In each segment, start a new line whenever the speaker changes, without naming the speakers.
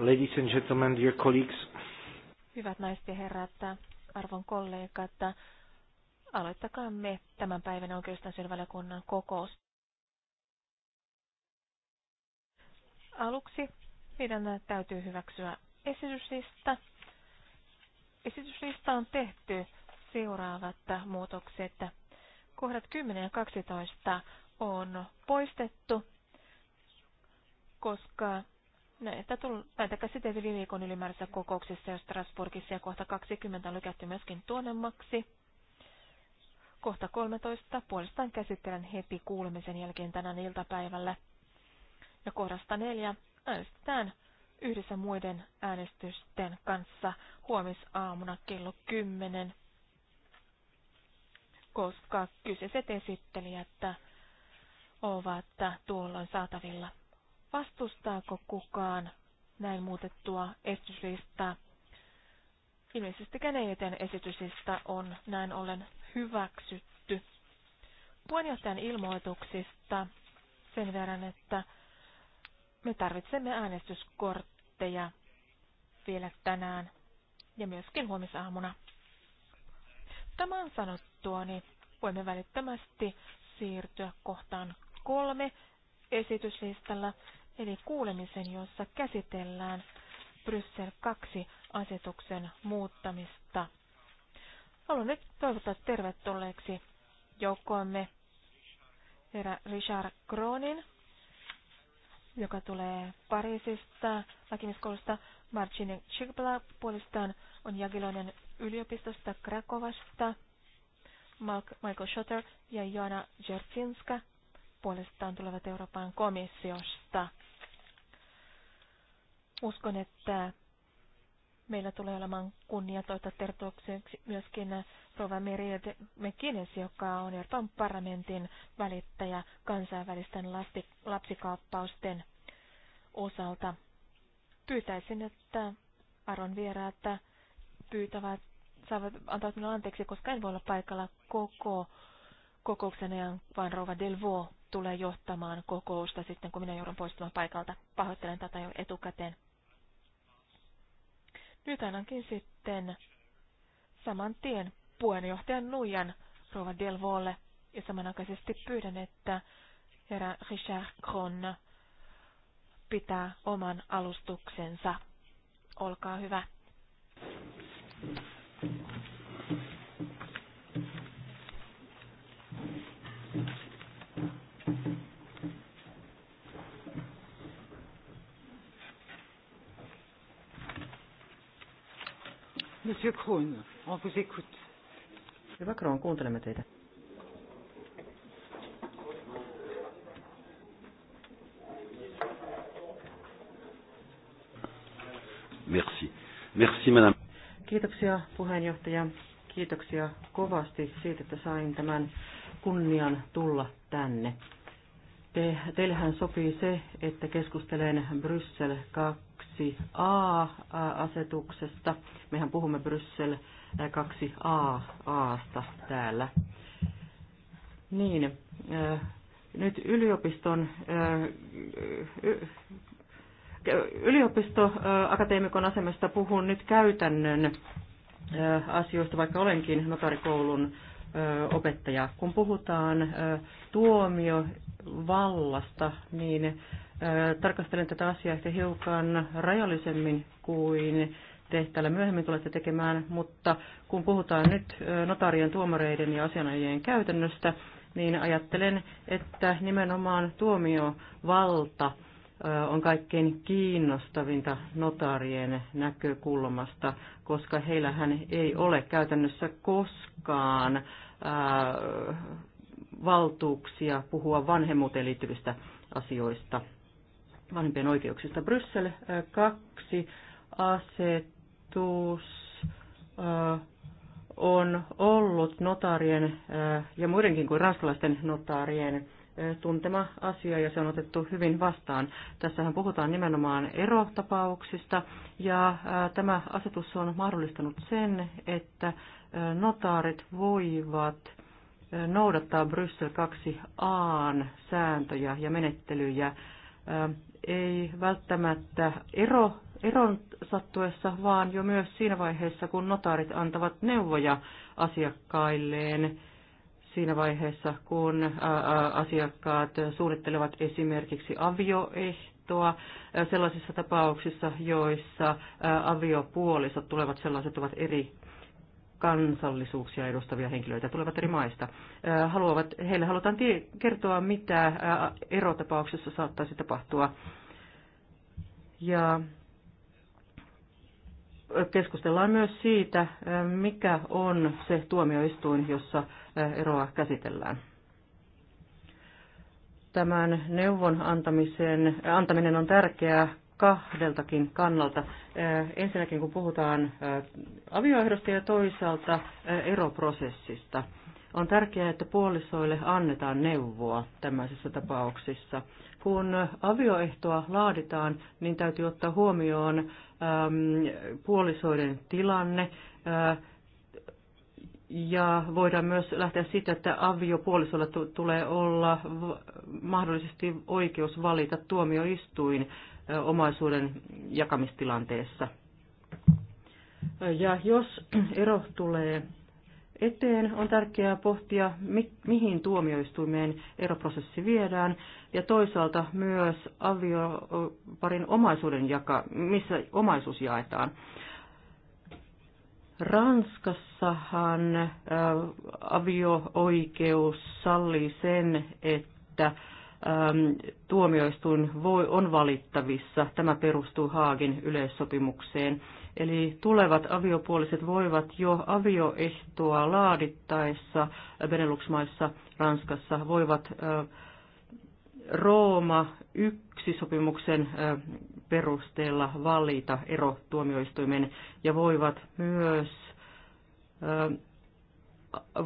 Ladies and gentlemen, dear colleagues.
Hyvät naiset ja herrat, arvon kollegat, aloittakaamme tämän päivän oikeustansyövaliokunnan kokous. Aluksi meidän täytyy hyväksyä esityslista. Esityslista on tehty seuraavat muutokset. Kohdat 10 ja 12 on poistettu, koska Näitä, tull, näitä käsiteltiin viime viikon ylimääräisessä kokouksessa ja Strasbourgissa ja kohta 20 on lykätty myöskin tuonemmaksi. Kohta 13 puolestaan käsittelen heti kuulemisen jälkeen tänään iltapäivällä. Ja kohdasta 4 äänestetään yhdessä muiden äänestysten kanssa huomisaamuna kello 10, koska kyseiset esittelijät ovat tuolloin saatavilla. Vastustaako kukaan näin muutettua esityslistaa? Ilmeisesti ei, esityslista on näin ollen hyväksytty. Puheenjohtajan ilmoituksista sen verran, että me tarvitsemme äänestyskortteja vielä tänään ja myöskin huomisaamuna. Tämän sanottua, niin voimme välittömästi siirtyä kohtaan kolme esityslistalla, eli kuulemisen, jossa käsitellään Bryssel 2 asetuksen muuttamista. Haluan nyt toivottaa tervetulleeksi joukkoomme herra Richard Kronin, joka tulee Pariisista lakimiskoulusta. Marcin Chigbla puolestaan on Jagiloinen yliopistosta Krakovasta. Michael Schotter ja Joana Jertsinska puolestaan tulevat Euroopan komissiosta. Uskon, että meillä tulee olemaan kunnia toita tervetulleeksi myöskin Rova Meri Mekines, joka on Euroopan parlamentin välittäjä kansainvälisten lasti, lapsikaappausten osalta. Pyytäisin, että Aron vieraat pyytävät, saavat antaa minulle anteeksi, koska en voi olla paikalla koko kokouksen ajan, vaan Rova Delvo tulee johtamaan kokousta sitten, kun minä joudun poistumaan paikalta. Pahoittelen tätä jo etukäteen. Nyt sitten saman tien puheenjohtajan Nuijan Rova Delvolle ja samanaikaisesti pyydän, että herra Richard Kron pitää oman alustuksensa. Olkaa hyvä.
Monsieur Kroon, on vous écoute. Hyvä Kroon, kuuntelemme teitä.
Merci. Merci, madame.
Kiitoksia puheenjohtaja. Kiitoksia kovasti siitä, että sain tämän kunnian tulla tänne. Te, teillähän sopii se, että keskustelen Bryssel 2 2a-asetuksesta. Siis Mehän puhumme Bryssel 2a-aasta täällä. Niin, eh, nyt yliopiston eh, yliopistoakateemikon eh, asemasta puhun nyt käytännön asioista, vaikka olenkin notarikoulun opettaja. Kun puhutaan tuomiovallasta, niin tarkastelen tätä asiaa ehkä hiukan rajallisemmin kuin te täällä myöhemmin tulette tekemään, mutta kun puhutaan nyt notaarien, tuomareiden ja asianajien käytännöstä, niin ajattelen, että nimenomaan tuomiovalta on kaikkein kiinnostavinta notaarien näkökulmasta, koska heillähän ei ole käytännössä koskaan valtuuksia puhua vanhemmuuteen liittyvistä asioista vanhempien oikeuksista. Bryssel 2 asetus on ollut notaarien ja muidenkin kuin ranskalaisten notaarien tuntema asia ja se on otettu hyvin vastaan. Tässähän puhutaan nimenomaan erotapauksista ja tämä asetus on mahdollistanut sen, että notaarit voivat noudattaa Bryssel 2a sääntöjä ja menettelyjä ei välttämättä ero, eron sattuessa, vaan jo myös siinä vaiheessa, kun notaarit antavat neuvoja asiakkailleen, siinä vaiheessa, kun asiakkaat suunnittelevat esimerkiksi avioehtoa, sellaisissa tapauksissa, joissa aviopuolisot tulevat sellaiset ovat eri kansallisuuksia edustavia henkilöitä tulevat eri maista. Haluavat, heille halutaan tie, kertoa, mitä erotapauksessa saattaisi tapahtua. Ja keskustellaan myös siitä, mikä on se tuomioistuin, jossa eroa käsitellään. Tämän neuvon antamisen, antaminen on tärkeää, kahdeltakin kannalta. Ensinnäkin kun puhutaan avioehdosta ja toisaalta eroprosessista. On tärkeää, että puolisoille annetaan neuvoa tämmöisissä tapauksissa. Kun avioehtoa laaditaan, niin täytyy ottaa huomioon äm, puolisoiden tilanne ää, ja voidaan myös lähteä siitä, että aviopuolisolla t- tulee olla mahdollisesti oikeus valita tuomioistuin omaisuuden jakamistilanteessa. Ja jos ero tulee eteen, on tärkeää pohtia, mihin tuomioistuimeen eroprosessi viedään, ja toisaalta myös avioparin omaisuuden jaka, missä omaisuus jaetaan. Ranskassahan avio-oikeus sallii sen, että tuomioistuin voi, on valittavissa. Tämä perustuu Haagin yleissopimukseen. Eli tulevat aviopuoliset voivat jo avioehtoa laadittaessa Benelux-maissa, Ranskassa, voivat Rooma yksi sopimuksen perusteella valita erotuomioistuimen ja voivat myös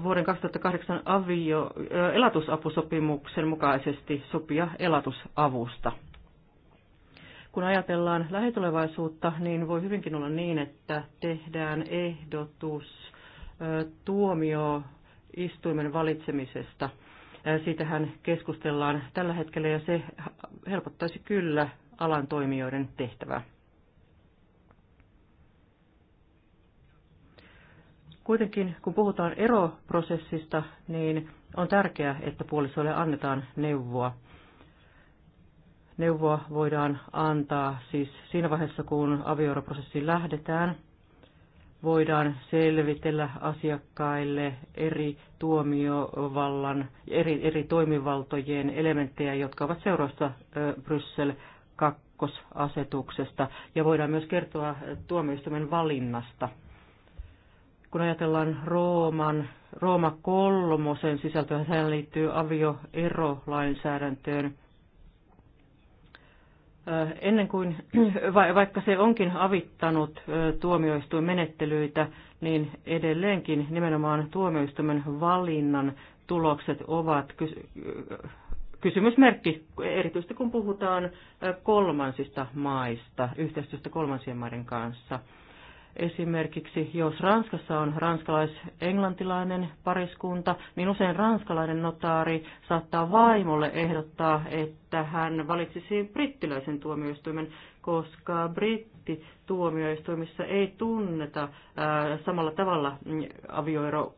vuoden 2008 avio, elatusapusopimuksen mukaisesti sopia elatusavusta. Kun ajatellaan lähitulevaisuutta, niin voi hyvinkin olla niin, että tehdään ehdotus tuomio istuimen valitsemisesta. Siitähän keskustellaan tällä hetkellä ja se helpottaisi kyllä alan toimijoiden tehtävää. Kuitenkin kun puhutaan eroprosessista, niin on tärkeää, että puolisoille annetaan neuvoa. Neuvoa voidaan antaa siis siinä vaiheessa, kun avioeroprosessiin lähdetään. Voidaan selvitellä asiakkaille eri tuomiovallan, eri, eri toimivaltojen elementtejä, jotka ovat seurausta Bryssel 2 kakkosasetuksesta ja voidaan myös kertoa tuomioistuimen valinnasta kun ajatellaan Rooman, Rooma kolmosen sisältöä, sehän liittyy avioerolainsäädäntöön. Ennen kuin, vaikka se onkin avittanut menettelyitä, niin edelleenkin nimenomaan tuomioistuimen valinnan tulokset ovat kysymysmerkki, erityisesti kun puhutaan kolmansista maista, yhteistyöstä kolmansien maiden kanssa – Esimerkiksi jos Ranskassa on ranskalais-englantilainen pariskunta, niin usein ranskalainen notaari saattaa vaimolle ehdottaa, että hän valitsisi brittiläisen tuomioistuimen, koska brittituomioistuimissa ei tunneta ää, samalla tavalla mm, avioero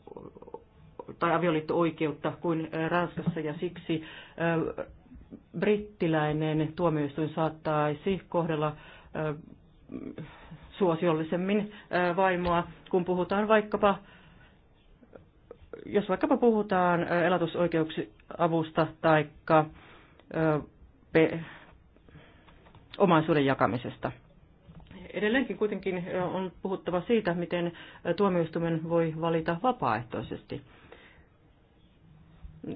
tai avioliitto-oikeutta kuin Ranskassa ja siksi ää, brittiläinen tuomioistuin saattaisi kohdella ää, suosiollisemmin vaimoa, kun puhutaan vaikkapa, jos vaikkapa puhutaan elatusoikeuksiavusta tai omaisuuden jakamisesta. Edelleenkin kuitenkin on puhuttava siitä, miten tuomioistuimen voi valita vapaaehtoisesti.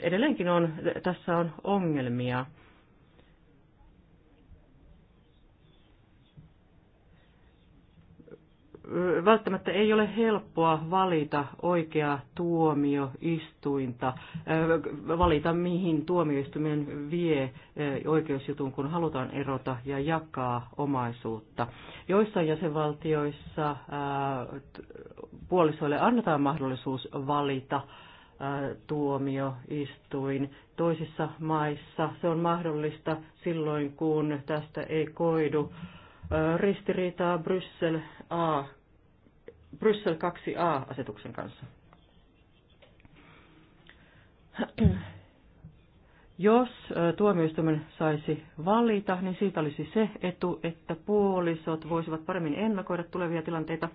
Edelleenkin on, tässä on ongelmia välttämättä ei ole helppoa valita oikeaa tuomioistuinta, valita mihin tuomioistuimen vie oikeusjutun, kun halutaan erota ja jakaa omaisuutta. Joissain jäsenvaltioissa puolisoille annetaan mahdollisuus valita tuomioistuin. Toisissa maissa se on mahdollista silloin, kun tästä ei koidu ristiriitaa Bryssel A Bryssel 2a-asetuksen kanssa. Jos tuomioistuimen saisi valita, niin siitä olisi se etu, että puolisot voisivat paremmin ennakoida tulevia tilanteita.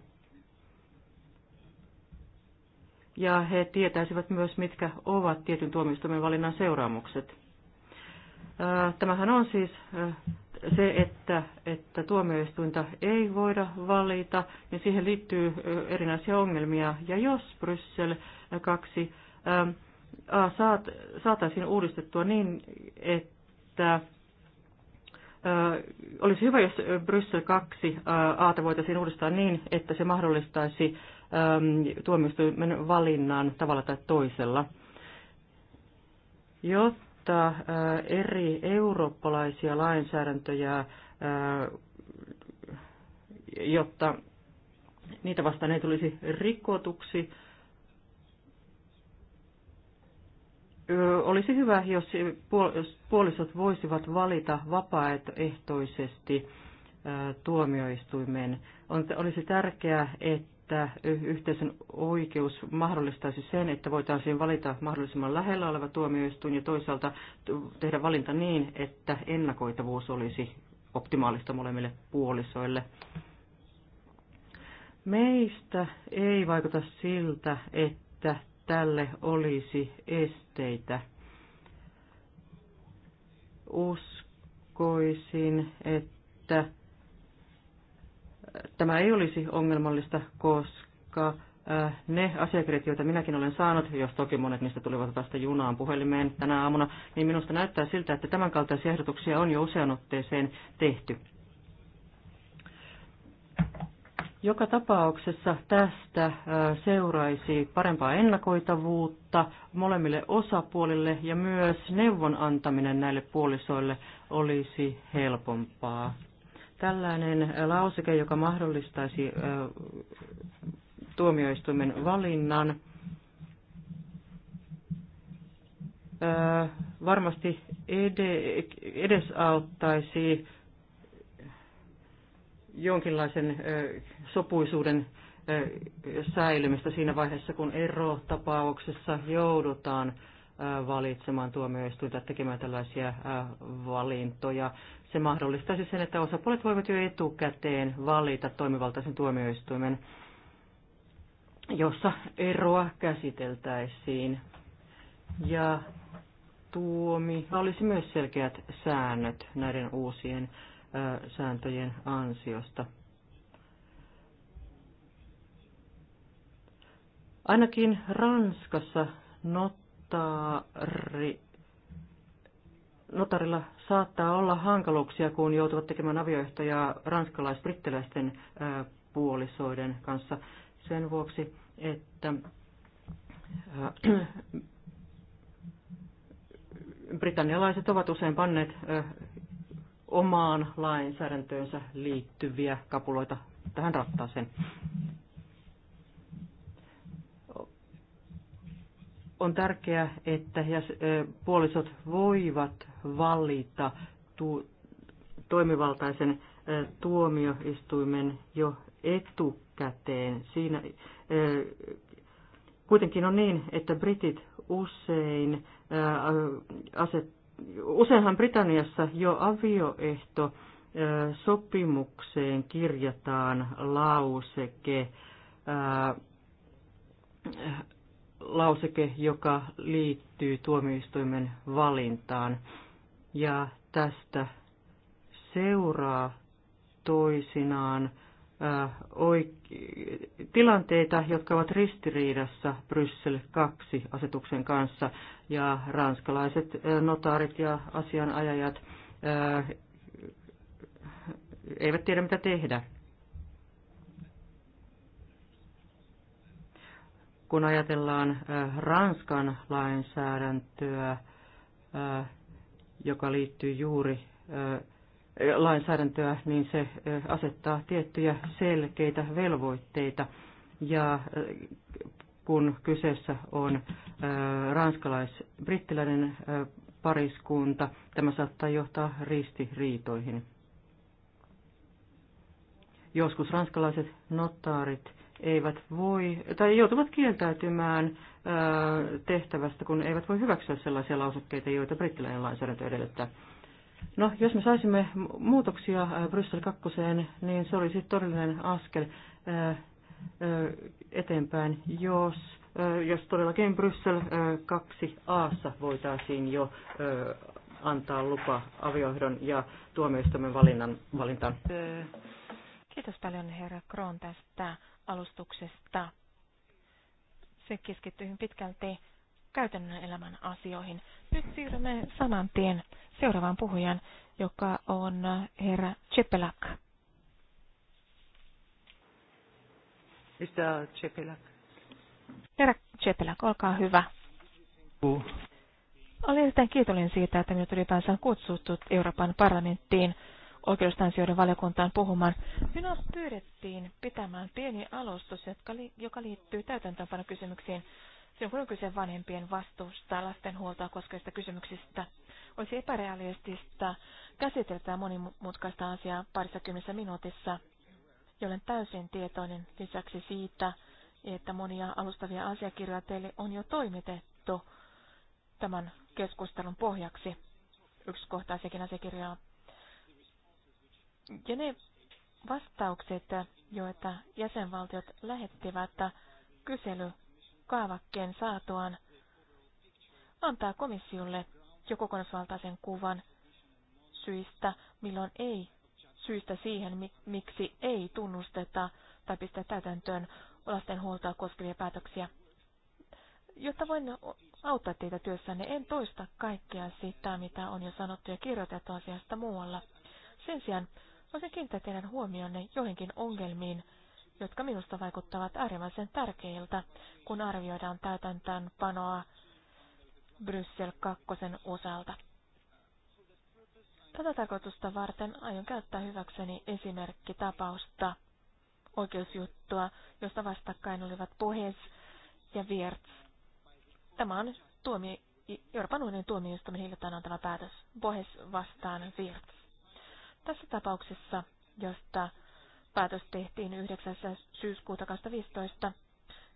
Ja he tietäisivät myös, mitkä ovat tietyn tuomioistuimen valinnan seuraamukset. Tämähän on siis se, että, että tuomioistuinta ei voida valita, niin siihen liittyy erinäisiä ongelmia. Ja jos Bryssel 2 ää, saat, saataisiin uudistettua niin, että olisi hyvä, jos Bryssel 2 aata voitaisiin uudistaa niin, että se mahdollistaisi tuomioistuimen valinnan tavalla tai toisella. Jotta mutta eri eurooppalaisia lainsäädäntöjä, jotta niitä vastaan ei tulisi rikotuksi, olisi hyvä, jos puolisot voisivat valita vapaaehtoisesti tuomioistuimen. Olisi tärkeää, että että yhteisön oikeus mahdollistaisi sen, että voitaisiin valita mahdollisimman lähellä oleva tuomioistuin ja toisaalta tehdä valinta niin, että ennakoitavuus olisi optimaalista molemmille puolisoille. Meistä ei vaikuta siltä, että tälle olisi esteitä. Uskoisin, että tämä ei olisi ongelmallista, koska äh, ne asiakirjat, joita minäkin olen saanut, jos toki monet niistä tulivat vasta junaan puhelimeen tänä aamuna, niin minusta näyttää siltä, että tämänkaltaisia ehdotuksia on jo usean otteeseen tehty. Joka tapauksessa tästä äh, seuraisi parempaa ennakoitavuutta molemmille osapuolille ja myös neuvon antaminen näille puolisoille olisi helpompaa. Tällainen lauseke, joka mahdollistaisi tuomioistuimen valinnan, varmasti edesauttaisi jonkinlaisen sopuisuuden säilymistä siinä vaiheessa, kun erotapauksessa joudutaan Äh, valitsemaan tuomioistuinta tekemään tällaisia äh, valintoja. Se mahdollistaisi sen, että osapuolet voivat jo etukäteen valita toimivaltaisen tuomioistuimen, jossa eroa käsiteltäisiin. Ja tuomi olisi myös selkeät säännöt näiden uusien äh, sääntöjen ansiosta. Ainakin Ranskassa not notaari, notarilla saattaa olla hankaluuksia, kun joutuvat tekemään avioehtoja ranskalais-brittiläisten puolisoiden kanssa sen vuoksi, että britannialaiset ovat usein panneet omaan lainsäädäntöönsä liittyviä kapuloita tähän rattaaseen. on tärkeää, että puolisot voivat valita tu- toimivaltaisen tuomioistuimen jo etukäteen. Siinä, kuitenkin on niin, että britit usein aset, useinhan Britanniassa jo avioehto sopimukseen kirjataan lauseke lauseke, joka liittyy tuomioistuimen valintaan. Ja tästä seuraa toisinaan tilanteita, jotka ovat ristiriidassa Bryssel 2 asetuksen kanssa ja ranskalaiset notaarit ja asianajajat eivät tiedä mitä tehdä. kun ajatellaan Ranskan lainsäädäntöä, joka liittyy juuri lainsäädäntöä, niin se asettaa tiettyjä selkeitä velvoitteita. Ja kun kyseessä on ranskalais-brittiläinen pariskunta, tämä saattaa johtaa ristiriitoihin. Joskus ranskalaiset notaarit eivät voi, tai joutuvat kieltäytymään tehtävästä, kun eivät voi hyväksyä sellaisia lausekkeita, joita brittiläinen lainsäädäntö edellyttää. No, jos me saisimme muutoksia Bryssel kakkoseen, niin se olisi todellinen askel eteenpäin, jos, jos todellakin Bryssel 2a voitaisiin jo antaa lupa avioehdon ja tuomioistuimen valinnan, valintaan.
Kiitos paljon herra Kron tästä alustuksesta. Se keskittyy pitkälti käytännön elämän asioihin. Nyt siirrymme saman tien seuraavaan puhujan, joka on herra Chepelak. Herra Chepelak, olkaa hyvä. Uh. Olen erittäin kiitollinen siitä, että minut ylipäänsä on kutsuttu Euroopan parlamenttiin oikeustansioiden valiokuntaan puhumaan. Minua pyydettiin pitämään pieni alustus, joka liittyy täytäntöönpanokysymyksiin silloin kun on kyse vanhempien vastuusta lasten huoltoa koskevista kysymyksistä. Olisi epärealistista käsitellä monimutkaista asiaa parissa kymmenessä minuutissa, jolloin täysin tietoinen lisäksi siitä, että monia alustavia asiakirjoja teille on jo toimitettu tämän keskustelun pohjaksi. Yksi Yksikohtaisiakin asiakirjoja ja ne vastaukset, joita jäsenvaltiot lähettivät kyselykaavakkeen saatuaan, antaa komissiolle jo kokonaisvaltaisen kuvan syistä, milloin ei, syistä siihen, miksi ei tunnusteta tai pistä täytäntöön lastenhuoltoa koskevia päätöksiä. Jotta voin auttaa teitä työssänne, en toista kaikkea sitä, mitä on jo sanottu ja kirjoitettu asiasta muualla. Sen sijaan Voisin kiinnittää teidän huomionne joihinkin ongelmiin, jotka minusta vaikuttavat äärimmäisen tärkeiltä, kun arvioidaan täytäntöönpanoa Bryssel 2 osalta. Tätä tarkoitusta varten aion käyttää hyväkseni esimerkkitapausta, oikeusjuttua, josta vastakkain olivat Pohes ja Wirtz. Tämä on tuomi, Euroopan unionin tuomioistuminen hiljattain antama päätös Pohes vastaan Wirtz. Tässä tapauksessa, josta päätös tehtiin 9. syyskuuta 2015,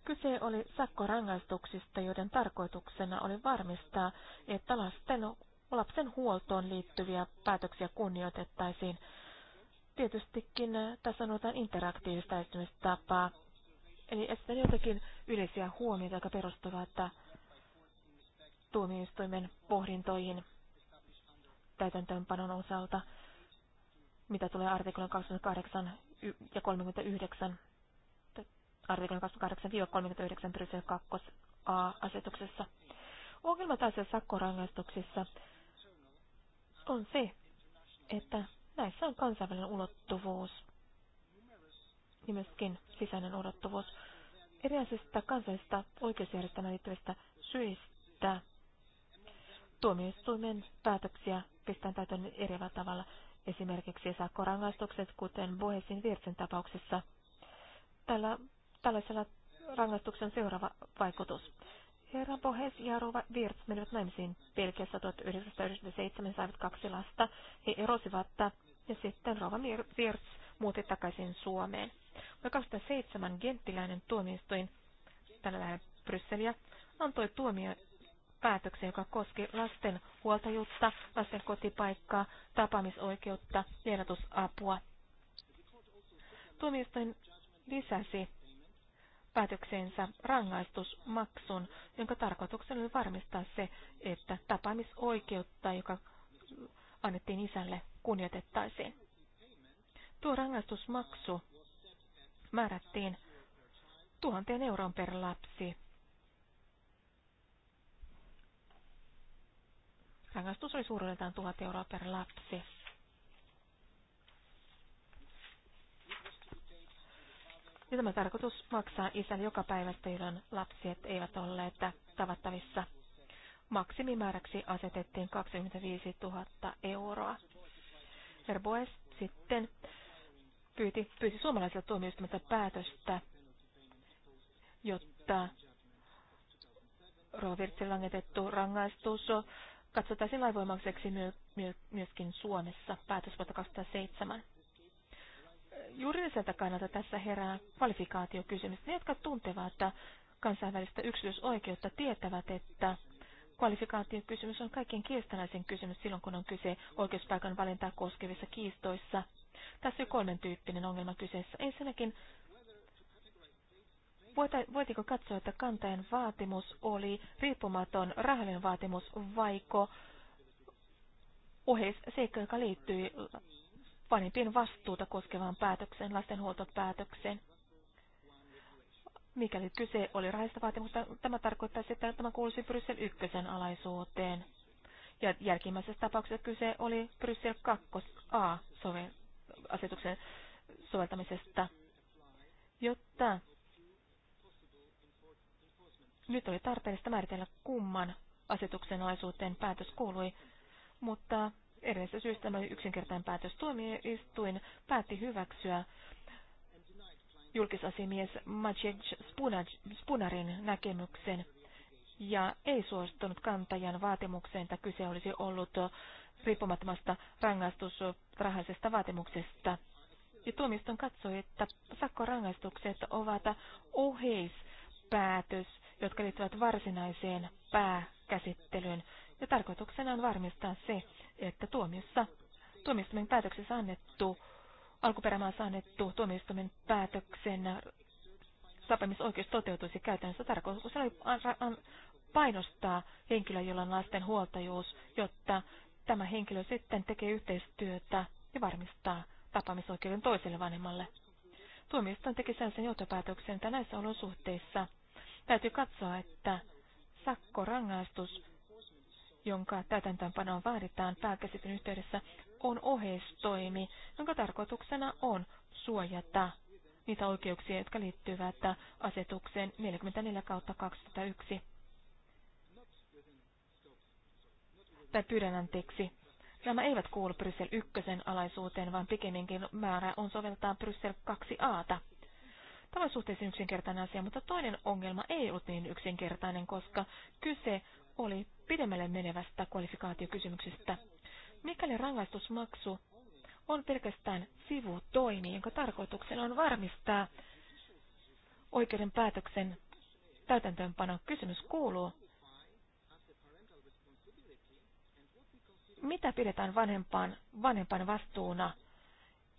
kyse oli sakkorangaistuksista, joiden tarkoituksena oli varmistaa, että lasten, lapsen huoltoon liittyviä päätöksiä kunnioitettaisiin. Tietystikin tässä sanotaan interaktiivista estymistapaa, eli esitetään jotakin yleisiä huomioita, jotka perustuvat tuomioistuimen pohdintoihin täytäntöönpanon osalta mitä tulee artiklan 28 ja 39, artiklan 28-39 Brysel 2 A-asetuksessa. Ongelma tässä sakkorangaistuksissa on se, että näissä on kansainvälinen ulottuvuus ja myöskin sisäinen ulottuvuus. Erilaisista kansallisista oikeusjärjestelmään liittyvistä syistä tuomioistuimen päätöksiä pistetään täytön eri tavalla esimerkiksi sakkorangaistukset, kuten Bohesin virtsin tapauksessa. Tällä, tällaisella rangaistuksen seuraava vaikutus. Herra Bohes ja Rova Virts menivät naimisiin Belgiassa 1997, saivat kaksi lasta. He erosivat ja sitten Rova Virts muutti takaisin Suomeen. Vuonna 2007 genttiläinen tuomioistuin tällä lähellä Brysseliä antoi tuomio päätöksen, joka koski lasten huoltajuutta, lasten kotipaikkaa, tapaamisoikeutta, tiedotusapua. Tuomioistuin lisäsi päätökseensä rangaistusmaksun, jonka tarkoituksena oli varmistaa se, että tapaamisoikeutta, joka annettiin isälle, kunnioitettaisiin. Tuo rangaistusmaksu määrättiin tuhanteen euron per lapsi Rangaistus oli suuruudeltaan 1000 euroa per lapsi. Ja tämä tarkoitus maksaa isän joka päivä, jolloin lapset eivät olleet tavattavissa. Maksimimääräksi asetettiin 25 000 euroa. Herboes sitten pyyti, pyysi suomalaiselta tuomioistuimelta päätöstä, jotta Rovirtsin langetettu rangaistus katsotaisiin lainvoimaiseksi myö, myö, myöskin Suomessa päätös vuotta 2007. Juridiselta kannalta tässä herää kvalifikaatiokysymys. Ne, jotka tuntevat kansainvälistä yksityisoikeutta, tietävät, että kvalifikaatiokysymys on kaikkein kiistanaisin kysymys silloin, kun on kyse oikeuspaikan valintaa koskevissa kiistoissa. Tässä on kolmen tyyppinen ongelma kyseessä. Ensinnäkin voitiko katsoa, että kantajan vaatimus oli riippumaton rahallinen vaatimus, vaiko seikka, joka liittyy vanhempien vastuuta koskevaan päätökseen, lastenhuoltopäätökseen? Mikäli kyse oli rahallista vaatimusta, tämä tarkoittaisi, että tämä kuuluisi Bryssel ykkösen alaisuuteen. Ja jälkimmäisessä tapauksessa kyse oli Bryssel 2a-asetuksen soveltamisesta, jotta nyt oli tarpeellista määritellä kumman asetuksen alaisuuteen päätös kuului, mutta erillisestä syystä tämä yksinkertainen päätös tuomioistuin päätti hyväksyä julkisasimies Maciej Spunarin näkemyksen ja ei suostunut kantajan vaatimukseen, että kyse olisi ollut riippumattomasta rangaistusrahaisesta vaatimuksesta. Ja tuomiston katsoi, että sakkorangaistukset ovat oheis päätös, jotka liittyvät varsinaiseen pääkäsittelyyn, ja tarkoituksena on varmistaa se, että tuomiossa, tuomioistuimen päätöksessä annettu, alkuperämaassa annettu tuomioistuimen päätöksen saapamisoikeus toteutuisi käytännössä. Tarkoitus oli painostaa henkilöä, jolla on lasten huoltajuus, jotta tämä henkilö sitten tekee yhteistyötä ja varmistaa tapaamisoikeuden toiselle vanhemmalle. Tuomioistuin teki sellaisen johtopäätöksen, että näissä olosuhteissa Täytyy katsoa, että sakkorangaistus, jonka täytäntöönpanoon vaaditaan pääkäsityn yhteydessä, on oheistoimi, jonka tarkoituksena on suojata niitä oikeuksia, jotka liittyvät asetukseen 44 kautta 2001. Tai pyydän anteeksi. Nämä eivät kuulu Bryssel 1 alaisuuteen, vaan pikemminkin määrä on soveltaa Bryssel 2 aata. Tämä on suhteellisen yksinkertainen asia, mutta toinen ongelma ei ollut niin yksinkertainen, koska kyse oli pidemmälle menevästä kvalifikaatiokysymyksestä. Mikäli rangaistusmaksu on pelkästään sivutoimi, jonka tarkoituksena on varmistaa oikeuden päätöksen täytäntöönpano. Kysymys kuuluu, mitä pidetään vanhempaan, vanhempaan vastuuna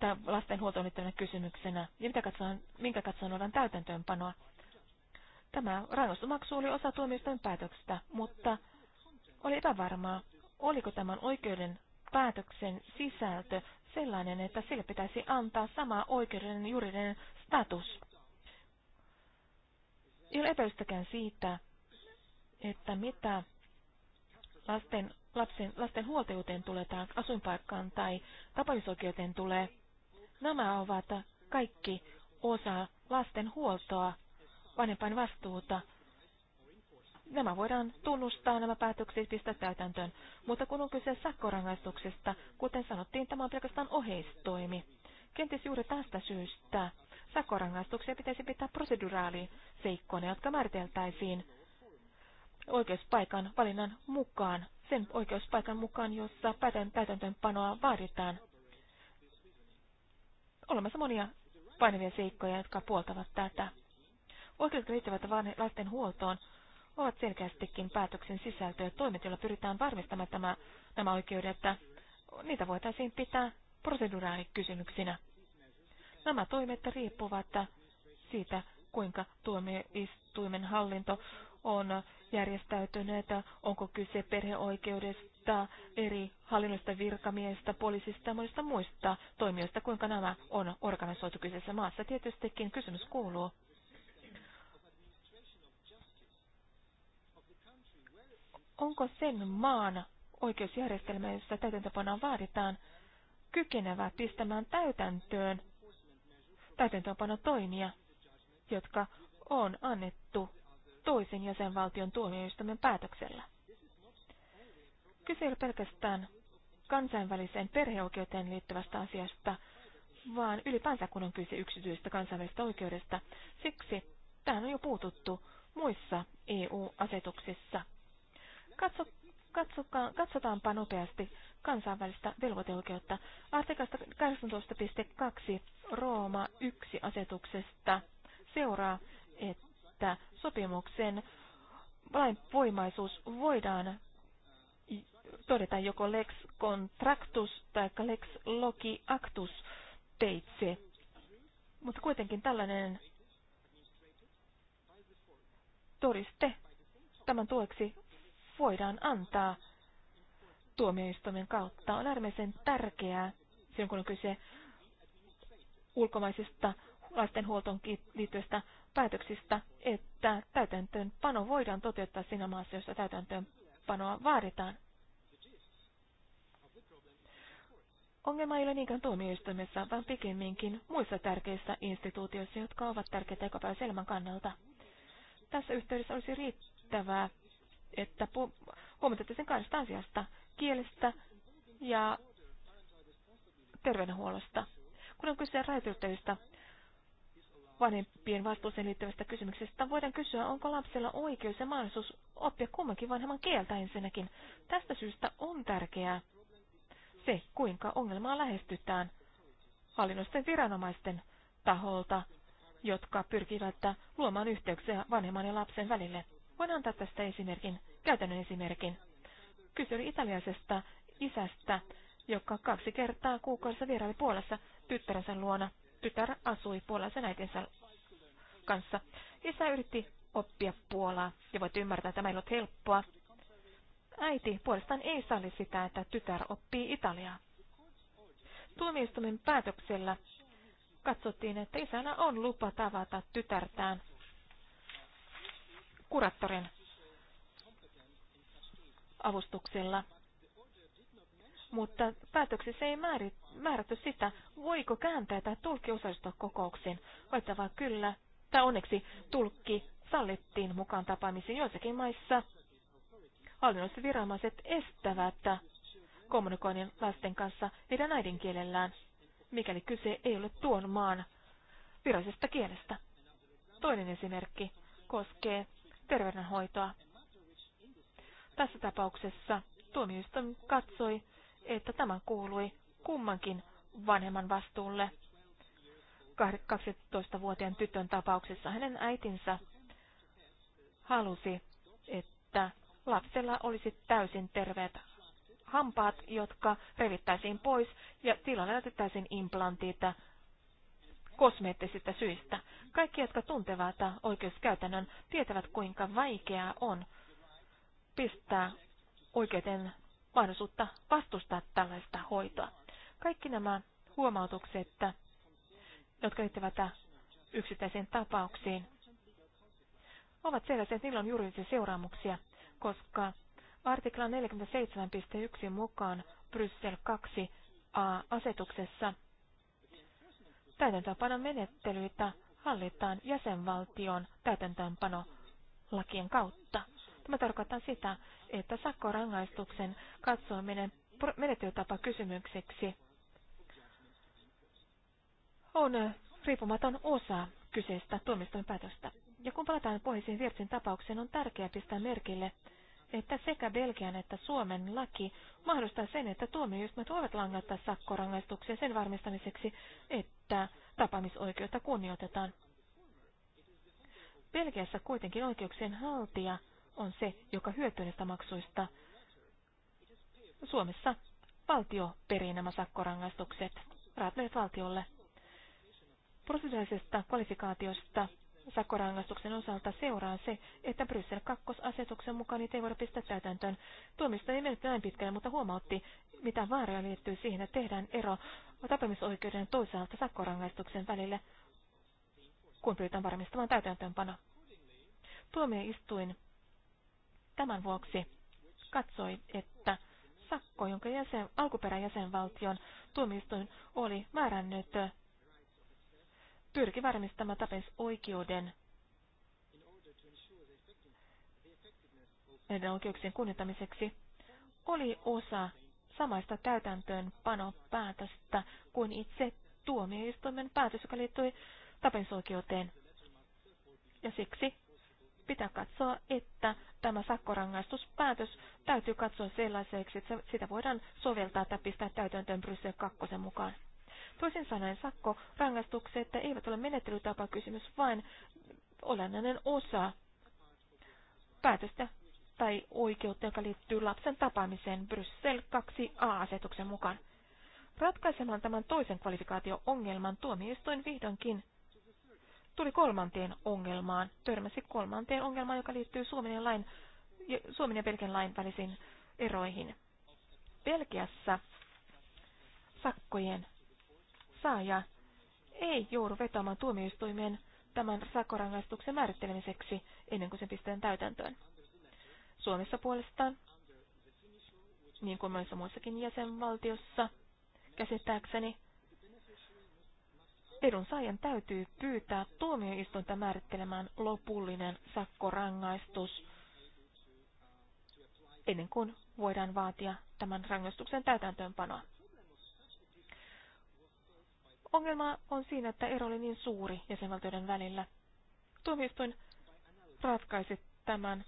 tämä lastenhuolto on nyt kysymyksenä. Ja niin mitä katsoin, minkä katsotaan olevan täytäntöönpanoa? Tämä rangaistusmaksu oli osa tuomioistuimen päätöksestä, mutta oli epävarmaa, oliko tämän oikeuden päätöksen sisältö sellainen, että sille pitäisi antaa sama oikeuden juridinen status. Ei ole epäilystäkään siitä, että mitä lasten, lapsen, lasten huoltajuuteen tulee tai asuinpaikkaan tai tapaamisoikeuteen tulee – Nämä ovat kaikki osa lasten huoltoa, vanhempain vastuuta. Nämä voidaan tunnustaa, nämä päätökset pistää täytäntöön, mutta kun on kyse sakkorangaistuksesta, kuten sanottiin, tämä on pelkästään oheistoimi. Kenties juuri tästä syystä sakkorangaistuksia pitäisi pitää proseduraali seikkoina, jotka määriteltäisiin oikeuspaikan valinnan mukaan, sen oikeuspaikan mukaan, jossa päätäntöönpanoa vaaditaan olemassa monia painavia seikkoja, jotka puoltavat tätä. Oikeudet liittyvät lasten huoltoon ovat selkeästikin päätöksen sisältö ja toimet, joilla pyritään varmistamaan tämä, nämä oikeudet, että niitä voitaisiin pitää proseduraalikysymyksinä. Nämä toimet riippuvat siitä, kuinka tuomioistuimen hallinto on järjestäytynyt, onko kyse perheoikeudesta, muista eri hallinnollista virkamiehistä, poliisista ja monista muista toimijoista, kuinka nämä on organisoitu kyseisessä maassa. Tietystikin kysymys kuuluu, onko sen maan oikeusjärjestelmä, jossa täytäntöpanoa vaaditaan, kykenevä pistämään täytäntöön toimia, jotka on annettu toisen jäsenvaltion tuomioistuimen päätöksellä. Kyse ei ole pelkästään kansainväliseen perheoikeuteen liittyvästä asiasta, vaan ylipäänsä kun on kyse yksityisestä kansainvälisestä oikeudesta. Siksi tähän on jo puututtu muissa EU-asetuksissa. Katso, katsoka, katsotaanpa nopeasti kansainvälistä velvoiteoikeutta. Artikasta 18.2 Rooma 1 asetuksesta seuraa, että sopimuksen lainvoimaisuus voidaan todeta joko lex contractus tai lex loci actus teitse. Mutta kuitenkin tällainen todiste tämän tueksi voidaan antaa tuomioistuimen kautta. On äärimmäisen tärkeää, silloin kun on kyse ulkomaisista lastenhuoltoon liittyvistä päätöksistä, että täytäntöönpano voidaan toteuttaa siinä maassa, jossa täytäntöönpanoa vaaditaan. Ongelma ei ole niinkään tuomioistuimessa, vaan pikemminkin muissa tärkeissä instituutioissa, jotka ovat tärkeitä jokapäiväiselämän kannalta. Tässä yhteydessä olisi riittävää, että huomioitaisiin kahdesta asiasta, kielestä ja terveydenhuollosta. Kun on kyse rajoitusteista vanhempien vastuuseen liittyvästä kysymyksestä, voidaan kysyä, onko lapsella oikeus ja mahdollisuus oppia kummankin vanhemman kieltä ensinnäkin. Tästä syystä on tärkeää, se, kuinka ongelmaa lähestytään hallinnosten viranomaisten taholta, jotka pyrkivät luomaan yhteyksiä vanhemman ja lapsen välille. Voin antaa tästä esimerkin, käytännön esimerkin. Kysyin oli italialaisesta isästä, joka kaksi kertaa kuukaudessa vieraili Puolassa tyttärensä luona. Tytär asui puolassa äitinsä kanssa. Isä yritti oppia Puolaa ja voit ymmärtää, että tämä ei ollut helppoa. Äiti puolestaan ei salli sitä, että tytär oppii italiaa. Tuomioistuimen päätöksellä katsottiin, että isänä on lupa tavata tytärtään kurattorin avustuksella. Mutta päätöksessä ei määrätty sitä, voiko kääntää tämä tulkki osallistua kokouksiin. Vaihtavaa kyllä, tai onneksi tulkki sallittiin mukaan tapaamisiin joissakin maissa hallinnolliset viranomaiset estävät kommunikoinnin lasten kanssa heidän äidinkielellään, mikäli kyse ei ole tuon maan virallisesta kielestä. Toinen esimerkki koskee terveydenhoitoa. Tässä tapauksessa tuomioistuin katsoi, että tämä kuului kummankin vanhemman vastuulle. 12-vuotiaan tytön tapauksessa hänen äitinsä halusi, että lapsella olisi täysin terveet hampaat, jotka revittäisiin pois ja tilalle otettaisiin implantiita kosmeettisista syistä. Kaikki, jotka tuntevat oikeuskäytännön, tietävät kuinka vaikeaa on pistää oikeuden mahdollisuutta vastustaa tällaista hoitoa. Kaikki nämä huomautukset, jotka liittyvät yksittäisiin tapauksiin, ovat sellaisia, että niillä on juridisia seuraamuksia koska artikla 47.1 mukaan Bryssel 2a-asetuksessa täytäntöönpanon menettelyitä hallitaan jäsenvaltion täytäntöönpano lakien kautta. Tämä tarkoittaa sitä, että sakkorangaistuksen katsominen menettelytapa kysymykseksi on riippumaton osa kyseistä päätöstä. Ja kun palataan pohjoisen Virtsin tapaukseen, on tärkeää pistää merkille, että sekä Belgian että Suomen laki mahdollistaa sen, että tuomioistuimet voivat langattaa sakkorangaistuksia sen varmistamiseksi, että tapaamisoikeutta kunnioitetaan. Belgiassa kuitenkin oikeuksien haltija on se, joka hyötyy näistä maksuista. Suomessa valtio perii nämä sakkorangaistukset, raat valtiolle. Prosessuaalisesta kvalifikaatiosta sakkorangaistuksen osalta seuraa se, että Bryssel kakkosasetuksen mukaan niitä ei voida pistää täytäntöön. Tuomista ei mennyt näin pitkälle, mutta huomautti, mitä vaaria liittyy siihen, että tehdään ero tapamisoikeuden toisaalta sakkorangaistuksen välille, kun pyytään varmistamaan täytäntöönpano. Tuomioistuin tämän vuoksi katsoi, että sakko, jonka jäsen, alkuperäjäsenvaltion tuomioistuin oli määrännyt pyrki varmistamaan oikeuden meidän oikeuksien kunnittamiseksi, oli osa samaista täytäntöön panopäätöstä kuin itse tuomioistuimen päätös, joka liittyi tapensoikeuteen. Ja siksi pitää katsoa, että tämä sakkorangaistuspäätös täytyy katsoa sellaiseksi, että sitä voidaan soveltaa tai pistää täytäntöön Bryssel 2 mukaan. Toisin sanoen sakko rangaistukset eivät ole menettelytapa kysymys, vaan olennainen osa päätöstä tai oikeutta, joka liittyy lapsen tapaamiseen Bryssel 2a-asetuksen mukaan. Ratkaisemaan tämän toisen kvalifikaatio-ongelman tuomioistuin vihdoinkin tuli kolmanteen ongelmaan, törmäsi kolmanteen ongelmaan, joka liittyy Suomen ja, lain, Suomen ja Belgian lain välisiin eroihin. Belgiassa sakkojen saaja ei joudu vetoamaan tuomioistuimeen tämän sakorangaistuksen määrittelemiseksi ennen kuin sen pistetään täytäntöön. Suomessa puolestaan, niin kuin monissa muissakin jäsenvaltiossa, käsittääkseni, edunsaajan täytyy pyytää tuomioistuinta määrittelemään lopullinen sakkorangaistus ennen kuin voidaan vaatia tämän rangaistuksen täytäntöönpanoa. Ongelma on siinä, että ero oli niin suuri jäsenvaltioiden välillä. Tuomioistuin ratkaisi tämän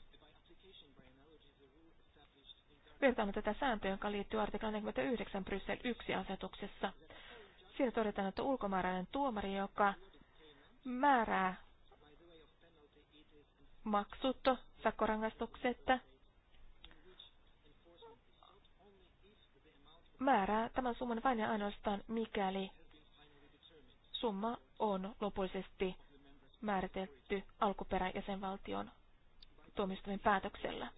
vertaamme tätä sääntöä, joka liittyy artikla 49 Bryssel 1 asetuksessa. Siinä todetaan, että ulkomääräinen tuomari, joka määrää maksutto sakkorangaistukset, määrää tämän summan vain ja ainoastaan, mikäli summa on lopullisesti määritelty alkuperäjäsenvaltion tuomioistuimen päätöksellä.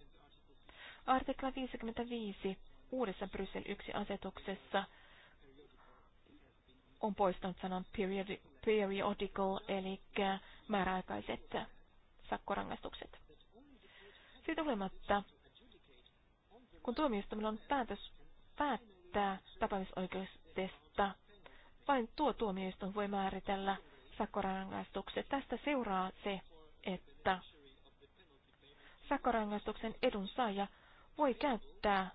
Artikla 55 uudessa Bryssel 1-asetuksessa on poistanut sanan periodical, eli määräaikaiset sakkorangaistukset. Siitä huolimatta, kun tuomioistuimella on päätös päättää tapaamisoikeudesta, vain tuo tuomioistuin voi määritellä sakkorangaistukset. Tästä seuraa se, että sakkorangaistuksen edunsaaja voi käyttää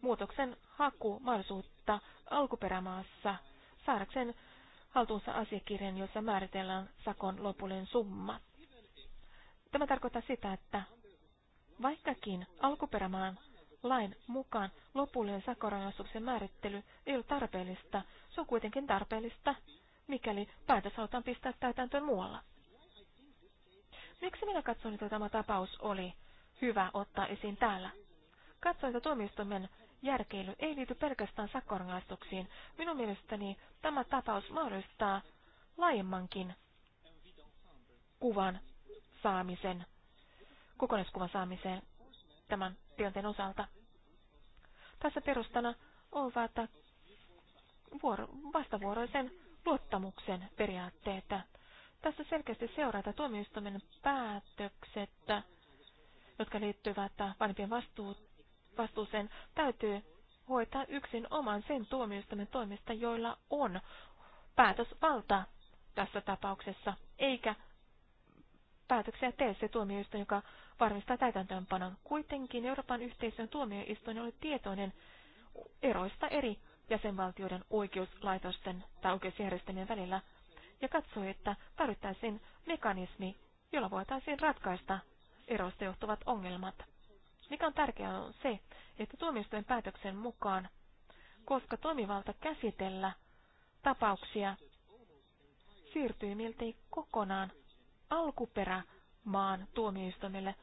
muutoksen hakumahdollisuutta alkuperämaassa saadakseen haltuunsa asiakirjan, jossa määritellään sakon lopullinen summa. Tämä tarkoittaa sitä, että vaikkakin alkuperämaan lain mukaan lopullinen sakorangaistuksen määrittely ei ole tarpeellista. Se on kuitenkin tarpeellista, mikäli päätös halutaan pistää täytäntöön muualla. Miksi minä katson, että tämä tapaus oli hyvä ottaa esiin täällä? Katsoin, että tuomioistuimen järkeily ei liity pelkästään sakkorangaistuksiin. Minun mielestäni tämä tapaus mahdollistaa laajemmankin kuvan saamisen, kokonaiskuvan saamiseen tämän tilanteen osalta. Tässä perustana ovat vastavuoroisen luottamuksen periaatteet. Tässä selkeästi seurata tuomioistuimen päätökset, jotka liittyvät vanhempien vastuuseen, täytyy hoitaa yksin oman sen tuomioistuimen toimista, joilla on päätösvalta tässä tapauksessa, eikä päätöksiä tee se tuomioistuin, joka varmistaa täytäntöönpanon. Kuitenkin Euroopan yhteisön tuomioistuin oli tietoinen eroista eri jäsenvaltioiden oikeuslaitosten tai oikeusjärjestelmien välillä ja katsoi, että tarvittaisiin mekanismi, jolla voitaisiin ratkaista eroista johtuvat ongelmat. Mikä on tärkeää on se, että tuomioistuin päätöksen mukaan, koska toimivalta käsitellä tapauksia siirtyy miltei kokonaan alkuperämaan tuomioistuimelle.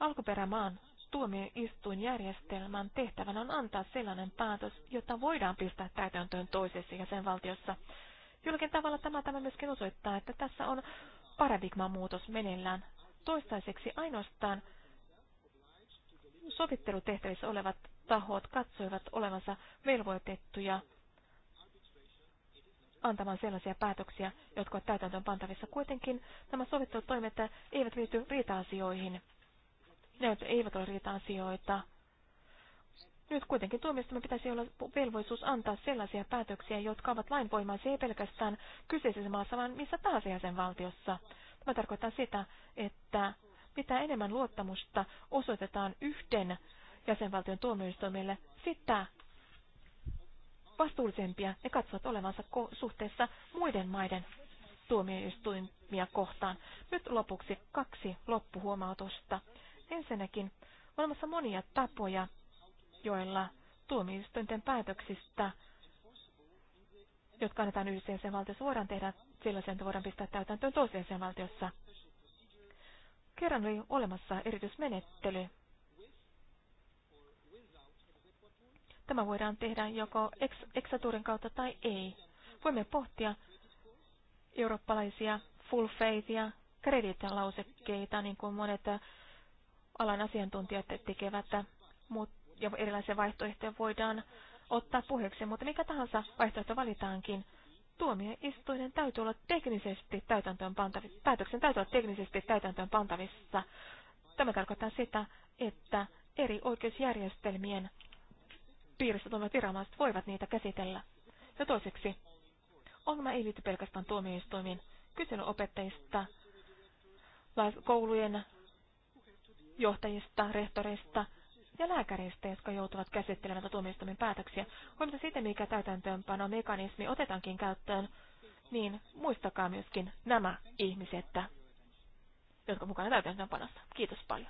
Alkuperämaan tuomioistuinjärjestelmän tehtävänä on antaa sellainen päätös, jota voidaan pistää täytäntöön toisessa jäsenvaltiossa. Jollakin tavalla tämä, tämä myöskin osoittaa, että tässä on paradigman muutos meneillään. Toistaiseksi ainoastaan sovittelutehtävissä olevat tahot katsoivat olevansa velvoitettuja antamaan sellaisia päätöksiä, jotka ovat täytäntöön pantavissa. Kuitenkin nämä sovittelut toimet eivät liity riita-asioihin. Ne eivät ole riita-asioita. Nyt kuitenkin tuomioistuimen pitäisi olla velvoisuus antaa sellaisia päätöksiä, jotka ovat lainvoimaisia ei pelkästään kyseisessä maassa, vaan missä tahansa jäsenvaltiossa. Tämä tarkoittaa sitä, että mitä enemmän luottamusta osoitetaan yhden jäsenvaltion tuomioistuimelle, sitä vastuullisempia ja katsovat olevansa suhteessa muiden maiden tuomioistuimia kohtaan. Nyt lopuksi kaksi loppuhuomautusta. Ensinnäkin olemassa monia tapoja, joilla tuomioistuinten päätöksistä, jotka annetaan yhdessä valtiossa, voidaan tehdä sellaisia, että voidaan pistää täytäntöön toiseen valtiossa. Kerran oli olemassa erityismenettely, Tämä voidaan tehdä joko eksatuurin kautta tai ei. Voimme pohtia eurooppalaisia full faithia, krediittilausekkeita, niin kuin monet alan asiantuntijat tekevät, ja erilaisia vaihtoehtoja voidaan ottaa puheeksi, mutta mikä tahansa vaihtoehto valitaankin, tuomioistuinen täytyy olla teknisesti täytäntöön pantavissa, päätöksen täytyy olla teknisesti täytäntöön pantavissa. Tämä tarkoittaa sitä, että eri oikeusjärjestelmien piirissä toimivat viranomaiset voivat niitä käsitellä. Ja toiseksi, ongelma ei liity pelkästään tuomioistuimiin. Kyse opettajista, koulujen johtajista, rehtoreista ja lääkäreistä, jotka joutuvat käsittelemään tuomioistuimen päätöksiä. Huomenta siitä, mikä täytäntöönpano mekanismi otetaankin käyttöön, niin muistakaa myöskin nämä ihmiset, jotka mukana täytäntöönpanossa. Kiitos paljon.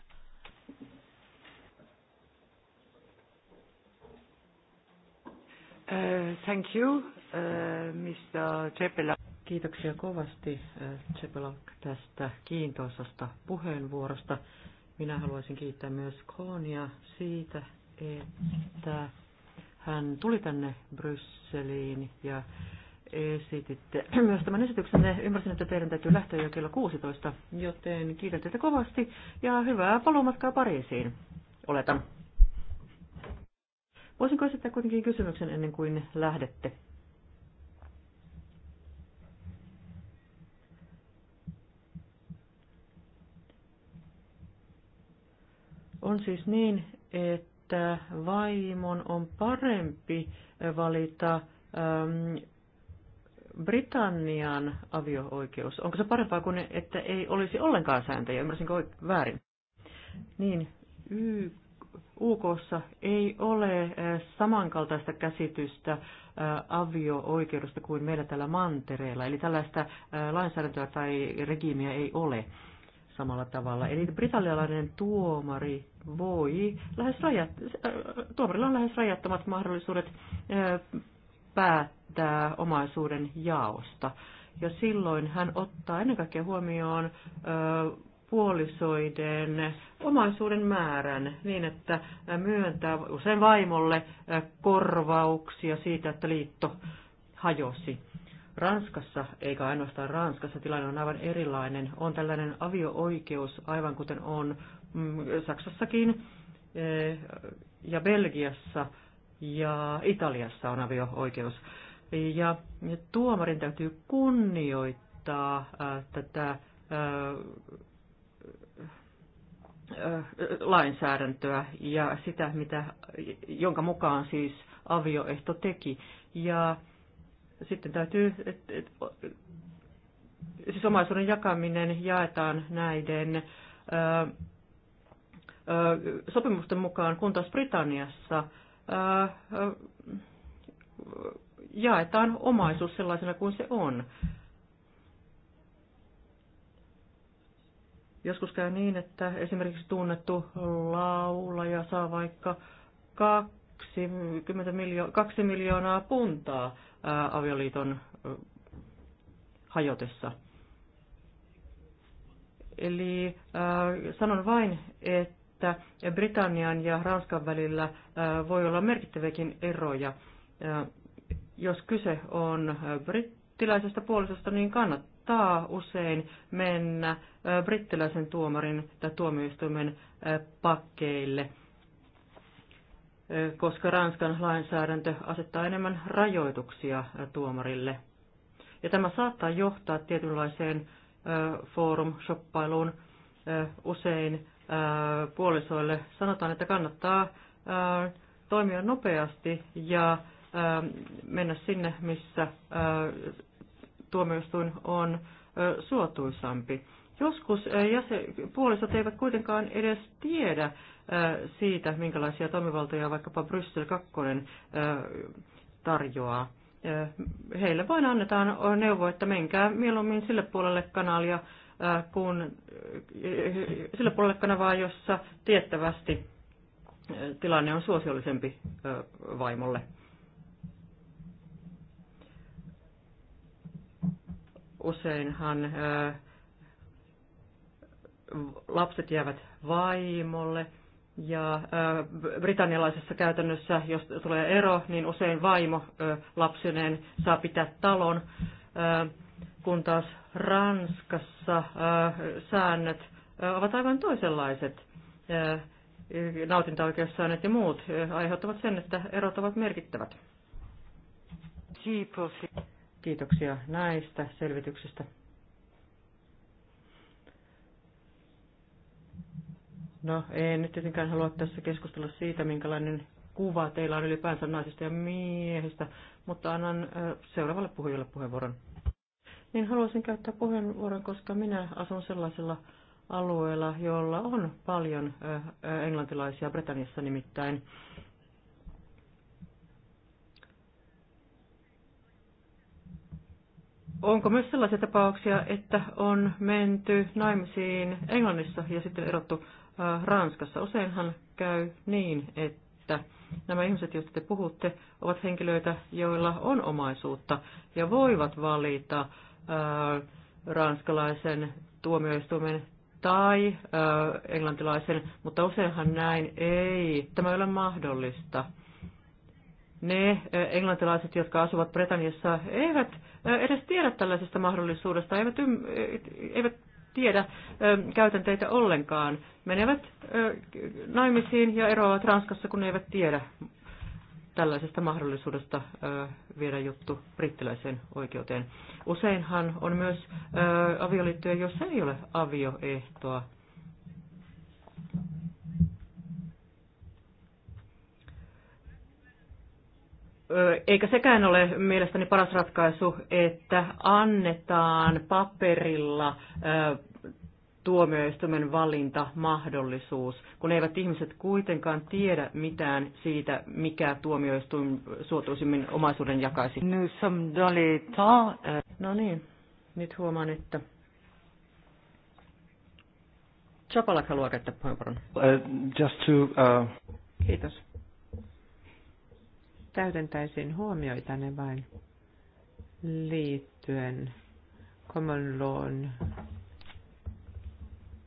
Uh, thank you, uh, Mr. Chepela. Kiitoksia kovasti Chepela uh, tästä kiintoisasta puheenvuorosta. Minä haluaisin kiittää myös Koonia siitä, että hän tuli tänne Brysseliin ja esititte myös tämän esityksenne. Ymmärsin, että teidän täytyy lähteä jo kello 16, joten kiitän teitä kovasti ja hyvää paluumatkaa Pariisiin, oletan. Voisinko esittää kuitenkin kysymyksen ennen kuin lähdette? On siis niin, että vaimon on parempi valita ähm, Britannian avio-oikeus. Onko se parempaa kuin, että ei olisi ollenkaan sääntöjä? Ymmärsinkö väärin? Niin, YK UKssa ei ole eh, samankaltaista käsitystä eh, avio-oikeudesta kuin meillä täällä mantereella. Eli tällaista eh, lainsäädäntöä tai regiimiä ei ole samalla tavalla. Eli britannialainen tuomari voi, lähes rajat, tuomarilla on lähes rajattomat mahdollisuudet päättää omaisuuden jaosta. Ja silloin hän ottaa ennen kaikkea huomioon puolisoiden omaisuuden määrän niin, että myöntää usein vaimolle korvauksia siitä, että liitto hajosi. Ranskassa, eikä ainoastaan Ranskassa, tilanne on aivan erilainen. On tällainen avio-oikeus, aivan kuten on mm, Saksassakin ja Belgiassa ja Italiassa on avio-oikeus. Ja tuomarin täytyy kunnioittaa tätä lainsäädäntöä ja sitä, mitä, jonka mukaan siis avioehto teki. Ja sitten täytyy, että et, siis omaisuuden jakaminen jaetaan näiden ö, ö, sopimusten mukaan, kun taas Britanniassa ö, ö, jaetaan omaisuus sellaisena kuin se on. Joskus käy niin, että esimerkiksi tunnettu laulaja saa vaikka 20 miljo- 2 miljoonaa puntaa avioliiton hajotessa. Eli ää, sanon vain, että Britannian ja Ranskan välillä ää, voi olla merkittäviäkin eroja. Ää, jos kyse on brittiläisestä puolisosta, niin kannattaa saattaa usein mennä brittiläisen tuomarin tai tuomioistuimen pakkeille, koska Ranskan lainsäädäntö asettaa enemmän rajoituksia tuomarille. Ja tämä saattaa johtaa tietynlaiseen forum-shoppailuun. Usein puolisoille sanotaan, että kannattaa toimia nopeasti ja mennä sinne, missä tuomioistuin on suotuisampi. Joskus jäsen, puolisot eivät kuitenkaan edes tiedä siitä, minkälaisia toimivaltoja vaikkapa Bryssel 2 tarjoaa. Heille vain annetaan neuvo, että menkää mieluummin sille puolelle kanalia, kun, sille puolelle kanavaa, jossa tiettävästi tilanne on suosiollisempi vaimolle. Useinhan lapset jäävät vaimolle ja britannialaisessa käytännössä, jos tulee ero, niin usein vaimo lapsineen saa pitää talon, kun taas Ranskassa säännöt ovat aivan toisenlaiset nautintaoikeussäännöt ja muut aiheuttavat sen, että erot ovat merkittävät. Kiitoksia näistä selvityksistä. No, en nyt tietenkään halua tässä keskustella siitä, minkälainen kuva teillä on ylipäänsä naisista ja miehistä, mutta annan seuraavalle puhujalle puheenvuoron. Niin haluaisin käyttää puheenvuoron, koska minä asun sellaisella alueella, jolla on paljon englantilaisia Britanniassa nimittäin. onko myös sellaisia tapauksia, että on menty naimisiin Englannissa ja sitten erottu Ranskassa? Useinhan käy niin, että nämä ihmiset, joista te puhutte, ovat henkilöitä, joilla on omaisuutta ja voivat valita ranskalaisen tuomioistuimen tai englantilaisen, mutta useinhan näin ei. Tämä ei ole mahdollista ne englantilaiset, jotka asuvat Britanniassa, eivät edes tiedä tällaisesta mahdollisuudesta, eivät, e, eivät tiedä käytänteitä ollenkaan. Menevät naimisiin ja eroavat Ranskassa, kun ne eivät tiedä tällaisesta mahdollisuudesta viedä juttu brittiläiseen oikeuteen. Useinhan on myös avioliittoja, joissa ei ole avioehtoa. eikä sekään ole mielestäni paras ratkaisu, että annetaan paperilla tuomioistuimen valinta mahdollisuus, kun eivät ihmiset kuitenkaan tiedä mitään siitä, mikä tuomioistuin suotuisimmin omaisuuden jakaisi. Euh. No niin, nyt huomaan, että Chapalak haluaa käyttää puheenvuoron. Uh,
just to, uh... Kiitos
täydentäisin huomioitanne vain liittyen common lawn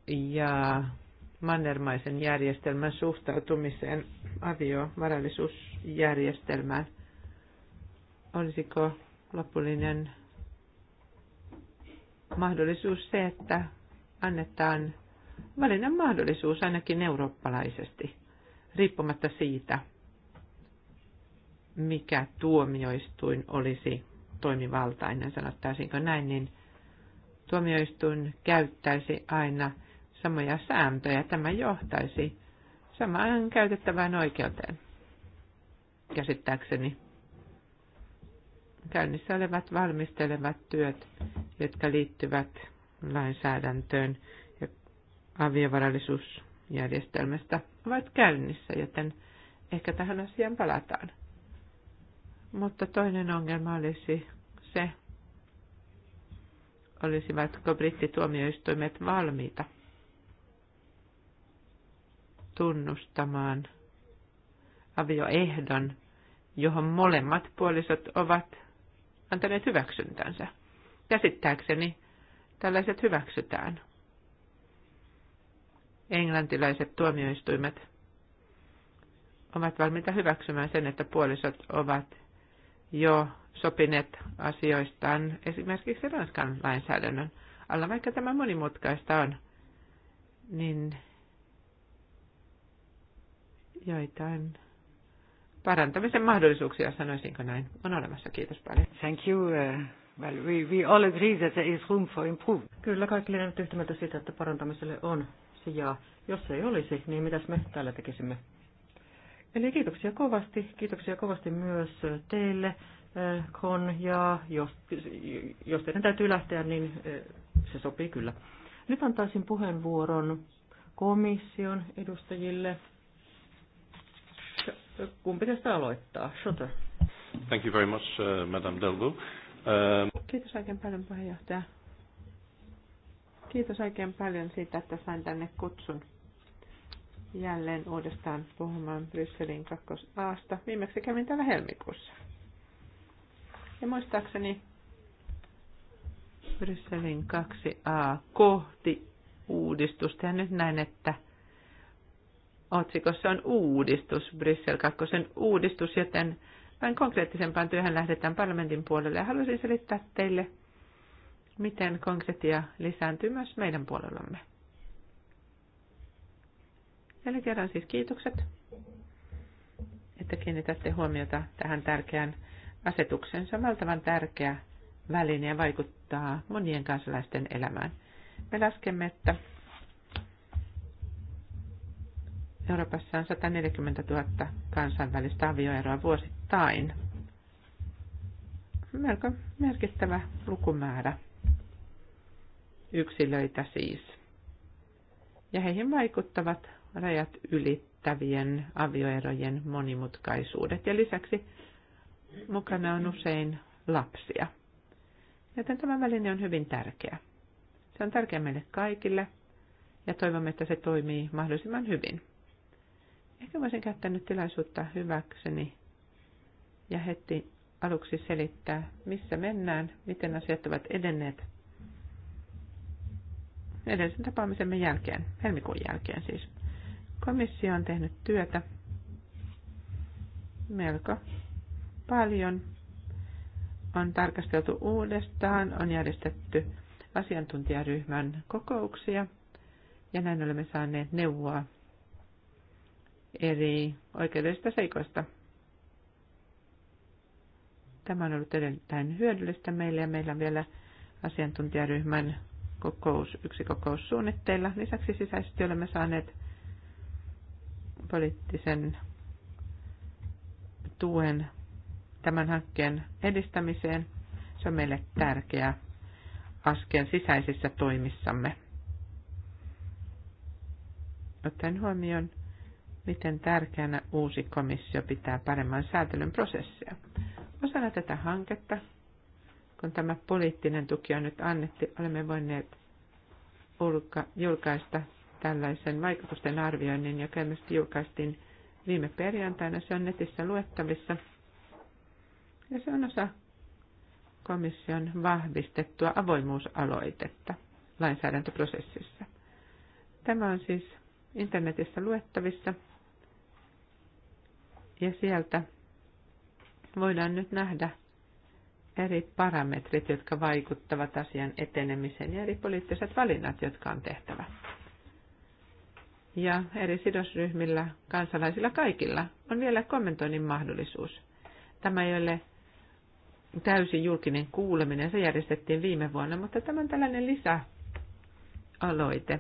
ja mannermaisen järjestelmän suhtautumiseen aviovarallisuusjärjestelmään. Olisiko lopullinen mahdollisuus se, että annetaan valinnan mahdollisuus ainakin eurooppalaisesti, riippumatta siitä, mikä tuomioistuin olisi toimivaltainen, sanottaisinko näin, niin tuomioistuin käyttäisi aina samoja sääntöjä. Tämä johtaisi samaan käytettävään oikeuteen. Käsittääkseni käynnissä olevat valmistelevat työt, jotka liittyvät lainsäädäntöön ja aviovarallisuusjärjestelmästä, ovat käynnissä, joten ehkä tähän asiaan palataan. Mutta toinen ongelma olisi se, olisivatko brittituomioistuimet valmiita tunnustamaan avioehdon, johon molemmat puolisot ovat antaneet hyväksyntänsä. Käsittääkseni tällaiset hyväksytään. Englantilaiset tuomioistuimet ovat valmiita hyväksymään sen, että puolisot ovat jo sopineet asioistaan esimerkiksi Ranskan lainsäädännön alla, vaikka tämä monimutkaista on, niin joitain parantamisen mahdollisuuksia, sanoisinko näin, on olemassa. Kiitos paljon. Thank you. Uh, well, we, we all agree that there is room for improvement.
Kyllä kaikki on yhtä mieltä siitä, että parantamiselle on sijaa. Jos ei olisi, niin mitäs me täällä tekisimme? Eli kiitoksia kovasti, kiitoksia kovasti myös teille, Kon, eh, ja jos, jos teidän täytyy lähteä, niin eh, se sopii kyllä. Nyt antaisin puheenvuoron komission edustajille.
Kumpi tästä aloittaa? Schotter.
Thank you very much, uh, Madame Delgo. Um...
Kiitos oikein paljon puheenjohtaja. Kiitos oikein paljon siitä, että sain tänne kutsun jälleen uudestaan puhumaan Brysselin kakkosaasta. Viimeksi kävin täällä helmikuussa. Ja muistaakseni Brysselin 2a kohti uudistusta. Ja nyt näin, että otsikossa on uudistus, Bryssel 2 uudistus, joten vähän konkreettisempaan työhön lähdetään parlamentin puolelle. Ja haluaisin selittää teille, miten konkretia lisääntyy myös meidän puolellamme. Eli kerran siis kiitokset, että kiinnitätte huomiota tähän tärkeään asetukseen. Se on valtavan tärkeä väline ja vaikuttaa monien kansalaisten elämään. Me laskemme, että Euroopassa on 140 000 kansainvälistä avioeroa vuosittain. Melko merkittävä lukumäärä yksilöitä siis. Ja heihin vaikuttavat rajat ylittävien avioerojen monimutkaisuudet. Ja lisäksi mukana on usein lapsia. Joten tämä väline on hyvin tärkeä. Se on tärkeä meille kaikille ja toivomme, että se toimii mahdollisimman hyvin. Ehkä voisin käyttää nyt tilaisuutta hyväkseni ja heti aluksi selittää, missä mennään, miten asiat ovat edenneet edellisen tapaamisemme jälkeen, helmikuun jälkeen siis. Komissio on tehnyt työtä melko paljon. On tarkasteltu uudestaan, on järjestetty asiantuntijaryhmän kokouksia ja näin olemme saaneet neuvoa eri oikeudellisista seikoista. Tämä on ollut erittäin hyödyllistä meille ja meillä on vielä asiantuntijaryhmän kokous, yksi kokous suunnitteilla. Lisäksi sisäisesti olemme saaneet poliittisen tuen tämän hankkeen edistämiseen. Se on meille tärkeä askel sisäisissä toimissamme. Ottaen huomioon, miten tärkeänä uusi komissio pitää paremman säätelyn prosessia. Osana tätä hanketta, kun tämä poliittinen tuki on nyt annettu, olemme voineet julkaista tällaisen vaikutusten arvioinnin, joka myös julkaistiin viime perjantaina. Se on netissä luettavissa. Ja se on osa komission vahvistettua avoimuusaloitetta lainsäädäntöprosessissa. Tämä on siis internetissä luettavissa. Ja sieltä voidaan nyt nähdä eri parametrit, jotka vaikuttavat asian etenemiseen ja eri poliittiset valinnat, jotka on tehtävä ja eri sidosryhmillä, kansalaisilla kaikilla on vielä kommentoinnin mahdollisuus. Tämä ei ole täysin julkinen kuuleminen, se järjestettiin viime vuonna, mutta tämä on tällainen lisäaloite,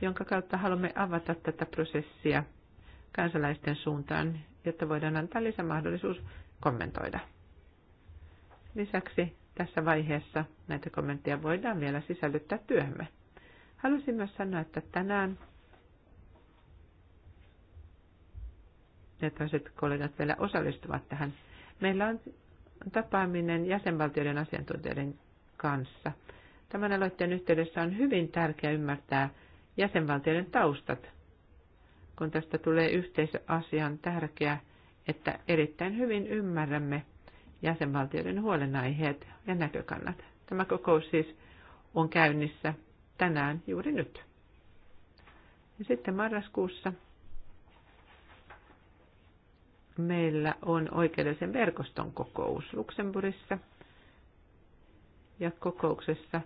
jonka kautta haluamme avata tätä prosessia kansalaisten suuntaan, jotta voidaan antaa lisämahdollisuus kommentoida. Lisäksi tässä vaiheessa näitä kommentteja voidaan vielä sisällyttää työhömme. Halusin myös sanoa, että tänään ja toiset kollegat vielä osallistuvat tähän. Meillä on tapaaminen jäsenvaltioiden asiantuntijoiden kanssa. Tämän aloitteen yhteydessä on hyvin tärkeää ymmärtää jäsenvaltioiden taustat, kun tästä tulee yhteisöasian tärkeä, että erittäin hyvin ymmärrämme jäsenvaltioiden huolenaiheet ja näkökannat. Tämä kokous siis on käynnissä tänään juuri nyt. Ja sitten marraskuussa meillä on oikeudellisen verkoston kokous Luxemburgissa. Ja kokouksessa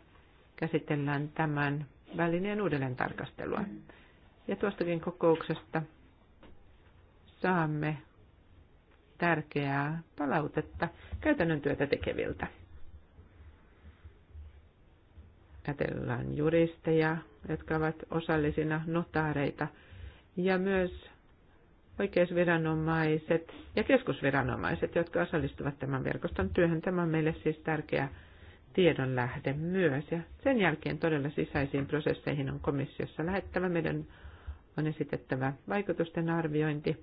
käsitellään tämän välineen uudelleen tarkastelua. Ja tuostakin kokouksesta saamme tärkeää palautetta käytännön työtä tekeviltä. Ajatellaan juristeja, jotka ovat osallisina notaareita ja myös oikeusviranomaiset ja keskusviranomaiset, jotka osallistuvat tämän verkoston työhön. Tämä on meille siis tärkeä tiedonlähde myös. Ja sen jälkeen todella sisäisiin prosesseihin on komissiossa lähettävä. Meidän on esitettävä vaikutusten arviointi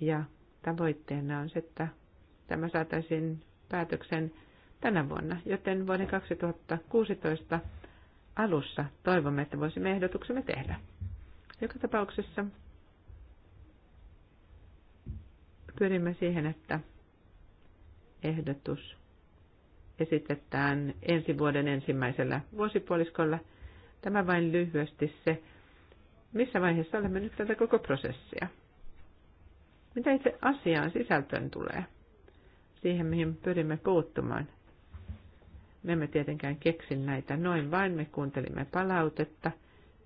ja tavoitteena on se, että tämä saataisiin päätöksen tänä vuonna, joten vuoden 2016 alussa toivomme, että voisimme ehdotuksemme tehdä. Joka tapauksessa pyrimme siihen, että ehdotus esitetään ensi vuoden ensimmäisellä vuosipuoliskolla. Tämä vain lyhyesti se, missä vaiheessa olemme nyt tätä koko prosessia. Mitä itse asiaan sisältöön tulee? Siihen, mihin pyrimme puuttumaan. Me emme tietenkään keksi näitä noin vain, me kuuntelimme palautetta,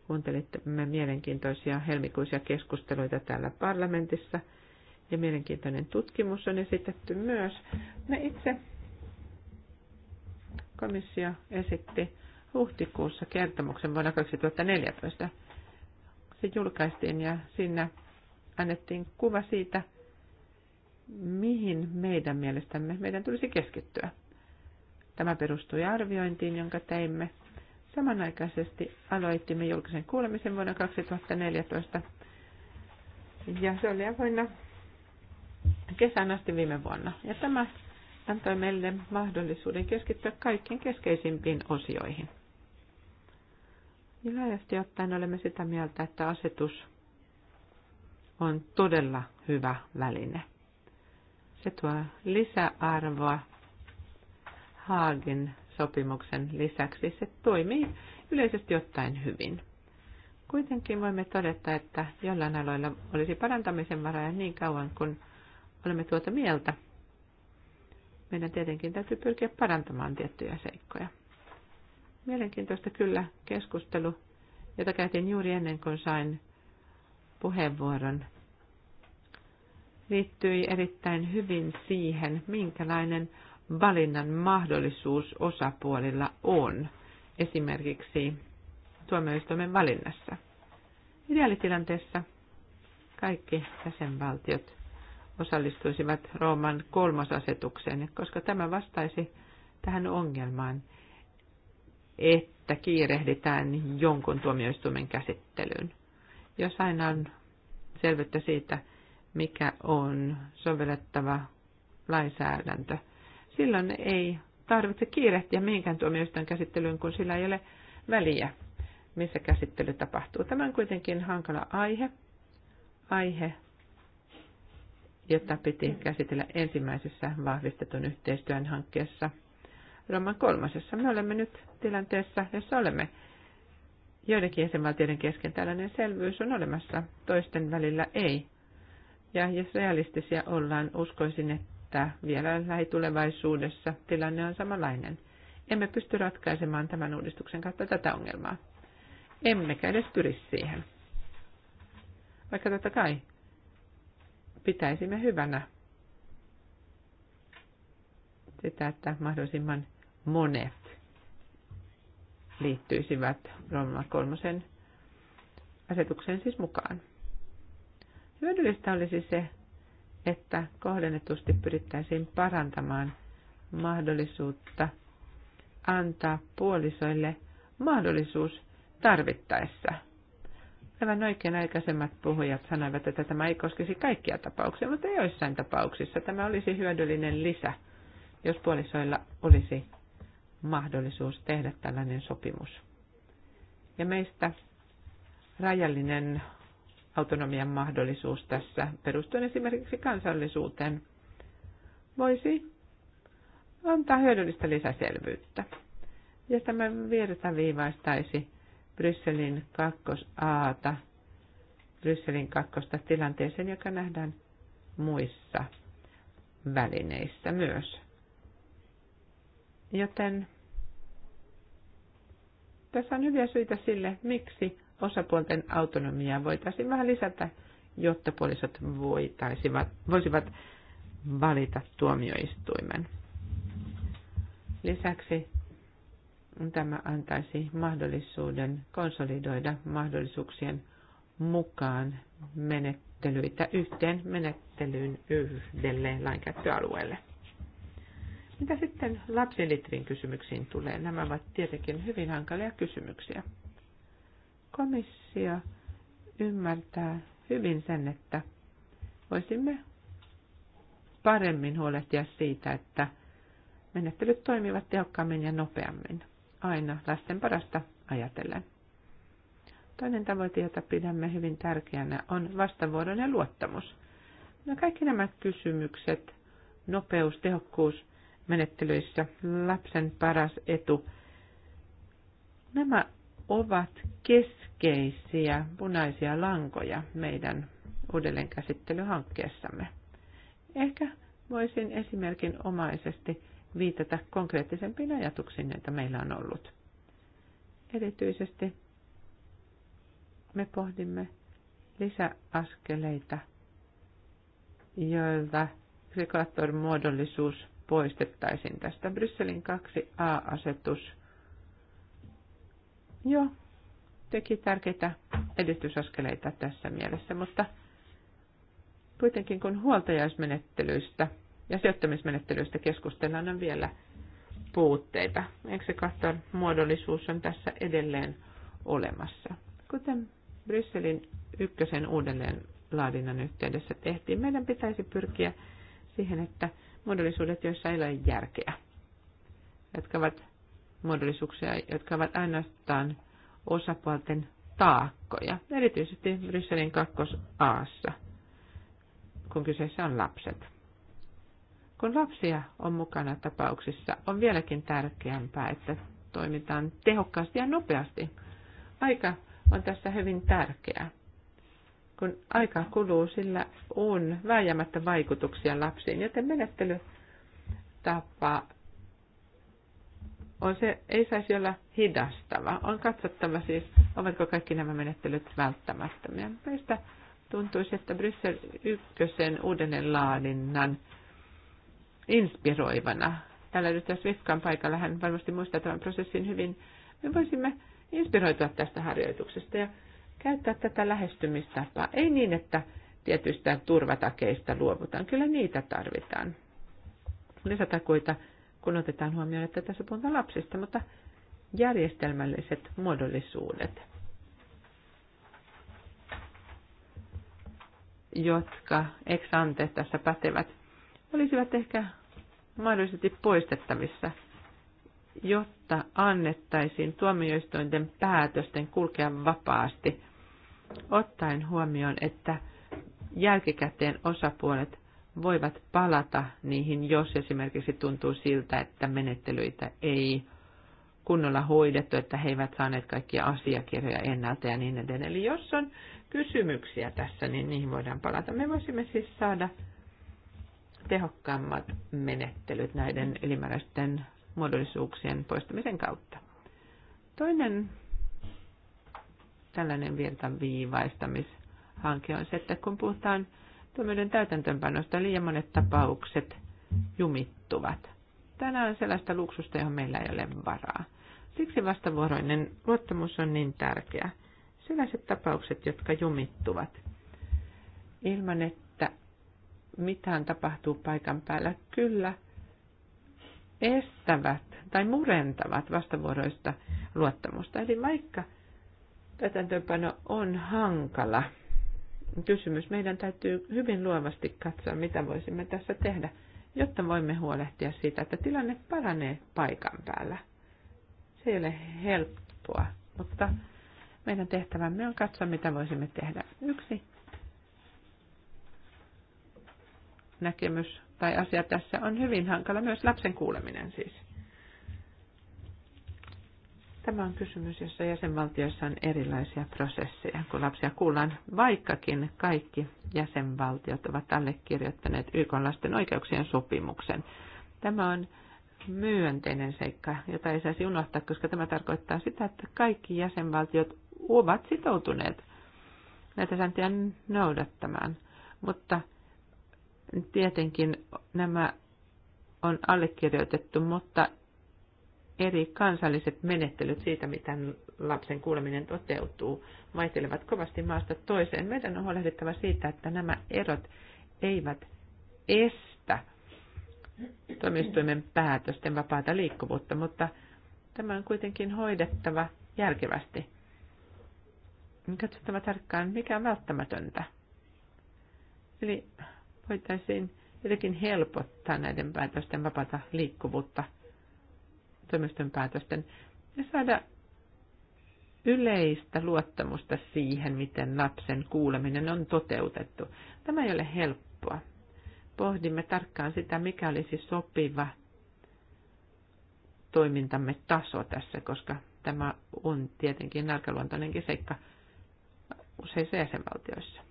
kuuntelimme mielenkiintoisia helmikuisia keskusteluita täällä parlamentissa – ja mielenkiintoinen tutkimus on esitetty myös. Me itse komissio esitti huhtikuussa kertomuksen vuonna 2014. Se julkaistiin ja siinä annettiin kuva siitä, mihin meidän mielestämme meidän tulisi keskittyä. Tämä perustui arviointiin, jonka teimme. Samanaikaisesti aloitimme julkisen kuulemisen vuonna 2014. Ja se oli avoinna kesän asti viime vuonna. Ja tämä antoi meille mahdollisuuden keskittyä kaikkien keskeisimpiin osioihin. Ja laajasti ottaen olemme sitä mieltä, että asetus on todella hyvä väline. Se tuo lisäarvoa Haagin sopimuksen lisäksi. Se toimii yleisesti ottaen hyvin. Kuitenkin voimme todeta, että jollain aloilla olisi parantamisen varaa niin kauan kuin olemme tuota mieltä, meidän tietenkin täytyy pyrkiä parantamaan tiettyjä seikkoja. Mielenkiintoista kyllä keskustelu, jota käytiin juuri ennen kuin sain puheenvuoron, liittyi erittäin hyvin siihen, minkälainen valinnan mahdollisuus osapuolilla on, esimerkiksi tuomioistuimen valinnassa. Ideaalitilanteessa kaikki jäsenvaltiot osallistuisivat Rooman kolmasasetukseen, koska tämä vastaisi tähän ongelmaan, että kiirehditään jonkun tuomioistuimen käsittelyyn. Jos aina on selvyyttä siitä, mikä on sovellettava lainsäädäntö, silloin ei tarvitse kiirehtiä mihinkään tuomioistuimen käsittelyyn, kun sillä ei ole väliä, missä käsittely tapahtuu. Tämä on kuitenkin hankala aihe, aihe, jota piti käsitellä ensimmäisessä vahvistetun yhteistyön hankkeessa Rooman kolmasessa. Me olemme nyt tilanteessa, jossa olemme joidenkin jäsenvaltioiden kesken tällainen selvyys on olemassa, toisten välillä ei. Ja jos realistisia ollaan, uskoisin, että vielä lähitulevaisuudessa tilanne on samanlainen. Emme pysty ratkaisemaan tämän uudistuksen kautta tätä ongelmaa. Emmekä edes pyri siihen. Vaikka totta kai pitäisimme hyvänä sitä, että mahdollisimman monet liittyisivät Roma kolmosen asetukseen siis mukaan. Hyödyllistä olisi se, että kohdennetusti pyrittäisiin parantamaan mahdollisuutta antaa puolisoille mahdollisuus tarvittaessa – Aivan oikein aikaisemmat puhujat sanoivat, että tämä ei koskisi kaikkia tapauksia, mutta joissain tapauksissa tämä olisi hyödyllinen lisä, jos puolisoilla olisi mahdollisuus tehdä tällainen sopimus. Ja meistä rajallinen autonomian mahdollisuus tässä, perustuen esimerkiksi kansallisuuteen, voisi antaa hyödyllistä lisäselvyyttä. Ja tämä virtaviivaistaisi Brysselin kakkosaata, Brysselin kakkosta tilanteeseen, joka nähdään muissa välineissä myös. Joten tässä on hyviä syitä sille, miksi osapuolten autonomiaa voitaisiin vähän lisätä, jotta puolisot voitaisivat, voisivat valita tuomioistuimen. Lisäksi Tämä antaisi mahdollisuuden konsolidoida mahdollisuuksien mukaan menettelyitä yhteen menettelyyn yhdelle lainkäyttöalueelle. Mitä sitten lapsilitrin kysymyksiin tulee? Nämä ovat tietenkin hyvin hankalia kysymyksiä. Komissio ymmärtää hyvin sen, että voisimme paremmin huolehtia siitä, että menettelyt toimivat tehokkaammin ja nopeammin aina lasten parasta ajatellen. Toinen tavoite, jota pidämme hyvin tärkeänä, on vastavuoroinen luottamus. No kaikki nämä kysymykset, nopeus, tehokkuus menettelyissä, lapsen paras etu, nämä ovat keskeisiä punaisia lankoja meidän uudelleenkäsittelyhankkeessamme. Ehkä voisin esimerkin omaisesti viitata konkreettisempiin ajatuksiin, joita meillä on ollut. Erityisesti me pohdimme lisäaskeleita, joilla rikaattorin muodollisuus poistettaisiin tästä. Brysselin 2a-asetus jo teki tärkeitä edistysaskeleita tässä mielessä, mutta kuitenkin kun huoltajaismenettelyistä – ja syöttämismenettelyistä keskustellaan on vielä puutteita. se Eksekahton muodollisuus on tässä edelleen olemassa. Kuten Brysselin ykkösen uudelleen laadinnan yhteydessä tehtiin, meidän pitäisi pyrkiä siihen, että muodollisuudet, joissa ei ole järkeä, jotka ovat muodollisuuksia, jotka ovat ainoastaan osapuolten taakkoja, erityisesti Brysselin kakkosaassa, kun kyseessä on lapset. Kun lapsia on mukana tapauksissa, on vieläkin tärkeämpää, että toimitaan tehokkaasti ja nopeasti. Aika on tässä hyvin tärkeää. Kun aika kuluu, sillä on vääjäämättä vaikutuksia lapsiin, joten menettelytapa on se, ei saisi olla hidastava. On katsottava siis, ovatko kaikki nämä menettelyt välttämättömiä. Meistä tuntuisi, että Bryssel ykkösen uudelleenlaadinnan laadinnan inspiroivana. Täällä edustaja Swifkan paikalla, hän varmasti muistaa tämän prosessin hyvin. Me voisimme inspiroitua tästä harjoituksesta ja käyttää tätä lähestymistapaa. Ei niin, että tietyistä turvatakeista luovutaan. Kyllä niitä tarvitaan. Lisätakuita, kun otetaan huomioon, että tässä puhutaan lapsista, mutta järjestelmälliset muodollisuudet, jotka ex ante tässä pätevät olisivat ehkä mahdollisesti poistettavissa, jotta annettaisiin tuomioistuinten päätösten kulkea vapaasti, ottaen huomioon, että jälkikäteen osapuolet voivat palata niihin, jos esimerkiksi tuntuu siltä, että menettelyitä ei kunnolla hoidettu, että he eivät saaneet kaikkia asiakirjoja ennalta ja niin edelleen. Eli jos on kysymyksiä tässä, niin niihin voidaan palata. Me voisimme siis saada tehokkaammat menettelyt näiden ylimääräisten muodollisuuksien poistamisen kautta. Toinen tällainen virtaviivaistamishanke on se, että kun puhutaan tuomioiden täytäntöönpanosta, liian monet tapaukset jumittuvat. Tänään on sellaista luksusta, johon meillä ei ole varaa. Siksi vastavuoroinen luottamus on niin tärkeä. Sellaiset tapaukset, jotka jumittuvat ilman, että mitään tapahtuu paikan päällä, kyllä estävät tai murentavat vastavuoroista luottamusta. Eli vaikka täytäntöönpano on hankala kysymys, meidän täytyy hyvin luovasti katsoa, mitä voisimme tässä tehdä, jotta voimme huolehtia siitä, että tilanne paranee paikan päällä. Se ei ole helppoa, mutta meidän tehtävämme on katsoa, mitä voisimme tehdä. Yksi näkemys tai asia tässä on hyvin hankala, myös lapsen kuuleminen siis. Tämä on kysymys, jossa jäsenvaltioissa on erilaisia prosesseja, kun lapsia kuullaan, vaikkakin kaikki jäsenvaltiot ovat allekirjoittaneet YK lasten oikeuksien sopimuksen. Tämä on myönteinen seikka, jota ei saisi unohtaa, koska tämä tarkoittaa sitä, että kaikki jäsenvaltiot ovat sitoutuneet näitä sääntöjä noudattamaan. Mutta Tietenkin nämä on allekirjoitettu, mutta eri kansalliset menettelyt siitä, miten lapsen kuuleminen toteutuu, vaihtelevat kovasti maasta toiseen. Meidän on huolehdittava siitä, että nämä erot eivät estä toimistuimen päätösten vapaata liikkuvuutta, mutta tämä on kuitenkin hoidettava järkevästi. Katsottava tarkkaan, mikä on välttämätöntä. Eli voitaisiin jotenkin helpottaa näiden päätösten vapaata liikkuvuutta, toimiston päätösten, ja saada yleistä luottamusta siihen, miten lapsen kuuleminen on toteutettu. Tämä ei ole helppoa. Pohdimme tarkkaan sitä, mikä olisi sopiva toimintamme taso tässä, koska tämä on tietenkin arkaluontoinenkin seikka useissa jäsenvaltioissa.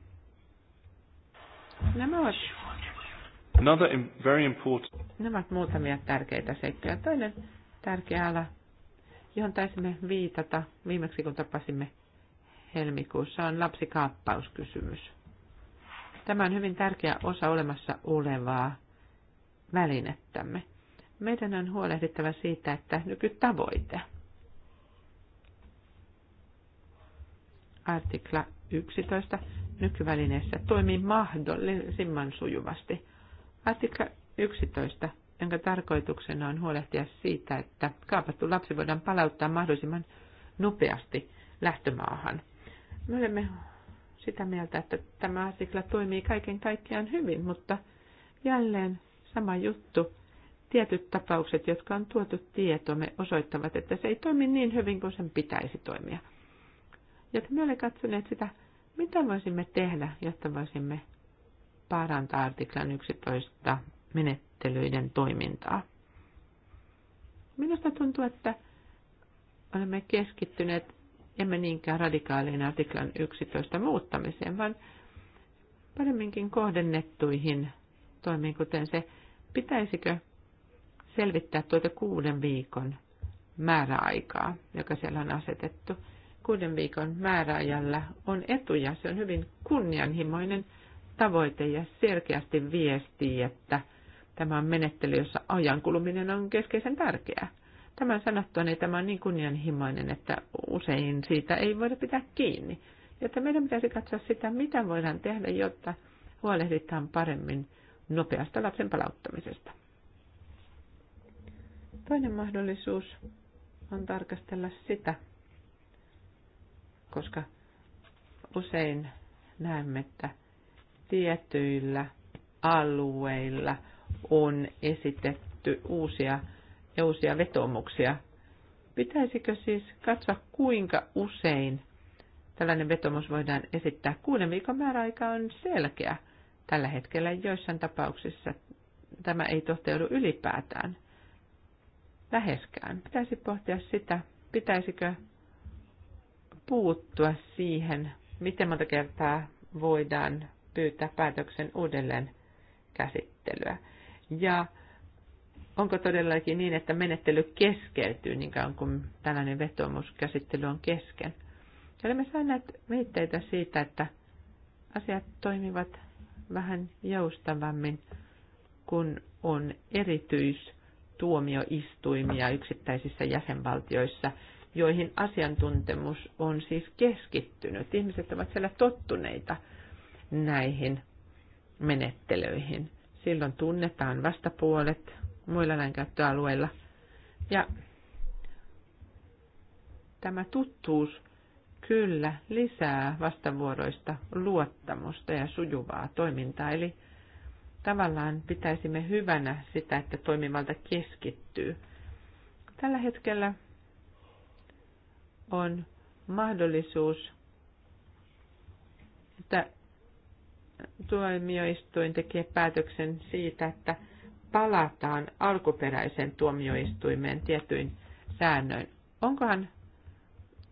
Nämä ovat
Another very important.
Nämä ovat muutamia tärkeitä seikkoja. Toinen tärkeä ala, johon taisimme viitata viimeksi, kun tapasimme helmikuussa, on lapsikaappauskysymys. Tämä on hyvin tärkeä osa olemassa olevaa välinettämme. Meidän on huolehdittava siitä, että nykytavoite. Artikla 11 nykyvälineessä toimii mahdollisimman sujuvasti. Artikla 11, jonka tarkoituksena on huolehtia siitä, että kaapattu lapsi voidaan palauttaa mahdollisimman nopeasti lähtömaahan. Me olemme sitä mieltä, että tämä artikla toimii kaiken kaikkiaan hyvin, mutta jälleen sama juttu. Tietyt tapaukset, jotka on tuotu tietomme, osoittavat, että se ei toimi niin hyvin kuin sen pitäisi toimia. Joten me olemme katsoneet sitä mitä voisimme tehdä, jotta voisimme parantaa artiklan 11 menettelyiden toimintaa? Minusta tuntuu, että olemme keskittyneet emme niinkään radikaaliin artiklan 11 muuttamiseen, vaan paremminkin kohdennettuihin toimiin, kuten se, pitäisikö selvittää tuota kuuden viikon määräaikaa, joka siellä on asetettu – kuuden viikon määräajalla on etuja. Se on hyvin kunnianhimoinen tavoite ja selkeästi viestii, että tämä on menettely, jossa ajan kuluminen on keskeisen tärkeää. Tämän sanottua, niin tämä on niin kunnianhimoinen, että usein siitä ei voida pitää kiinni. että meidän pitäisi katsoa sitä, mitä voidaan tehdä, jotta huolehditaan paremmin nopeasta lapsen palauttamisesta. Toinen mahdollisuus on tarkastella sitä, koska usein näemme, että tietyillä alueilla on esitetty uusia, uusia vetomuksia. Pitäisikö siis katsoa, kuinka usein tällainen vetomus voidaan esittää? Kuuden viikon määräaika on selkeä. Tällä hetkellä joissain tapauksissa tämä ei toteudu ylipäätään läheskään. Pitäisi pohtia sitä, pitäisikö puuttua siihen, miten monta kertaa voidaan pyytää päätöksen uudelleen käsittelyä. Ja onko todellakin niin, että menettely keskeytyy niin kauan kuin tällainen vetomuskäsittely on kesken. Ja olemme saaneet viitteitä siitä, että asiat toimivat vähän joustavammin, kun on erityistuomioistuimia yksittäisissä jäsenvaltioissa – joihin asiantuntemus on siis keskittynyt. Ihmiset ovat siellä tottuneita näihin menettelyihin. Silloin tunnetaan vastapuolet muilla lainkäyttöalueilla. Ja tämä tuttuus kyllä lisää vastavuoroista luottamusta ja sujuvaa toimintaa. Eli tavallaan pitäisimme hyvänä sitä, että toimivalta keskittyy. Tällä hetkellä on mahdollisuus, että tuomioistuin tekee päätöksen siitä, että palataan alkuperäisen tuomioistuimeen tietyin säännöin. Onkohan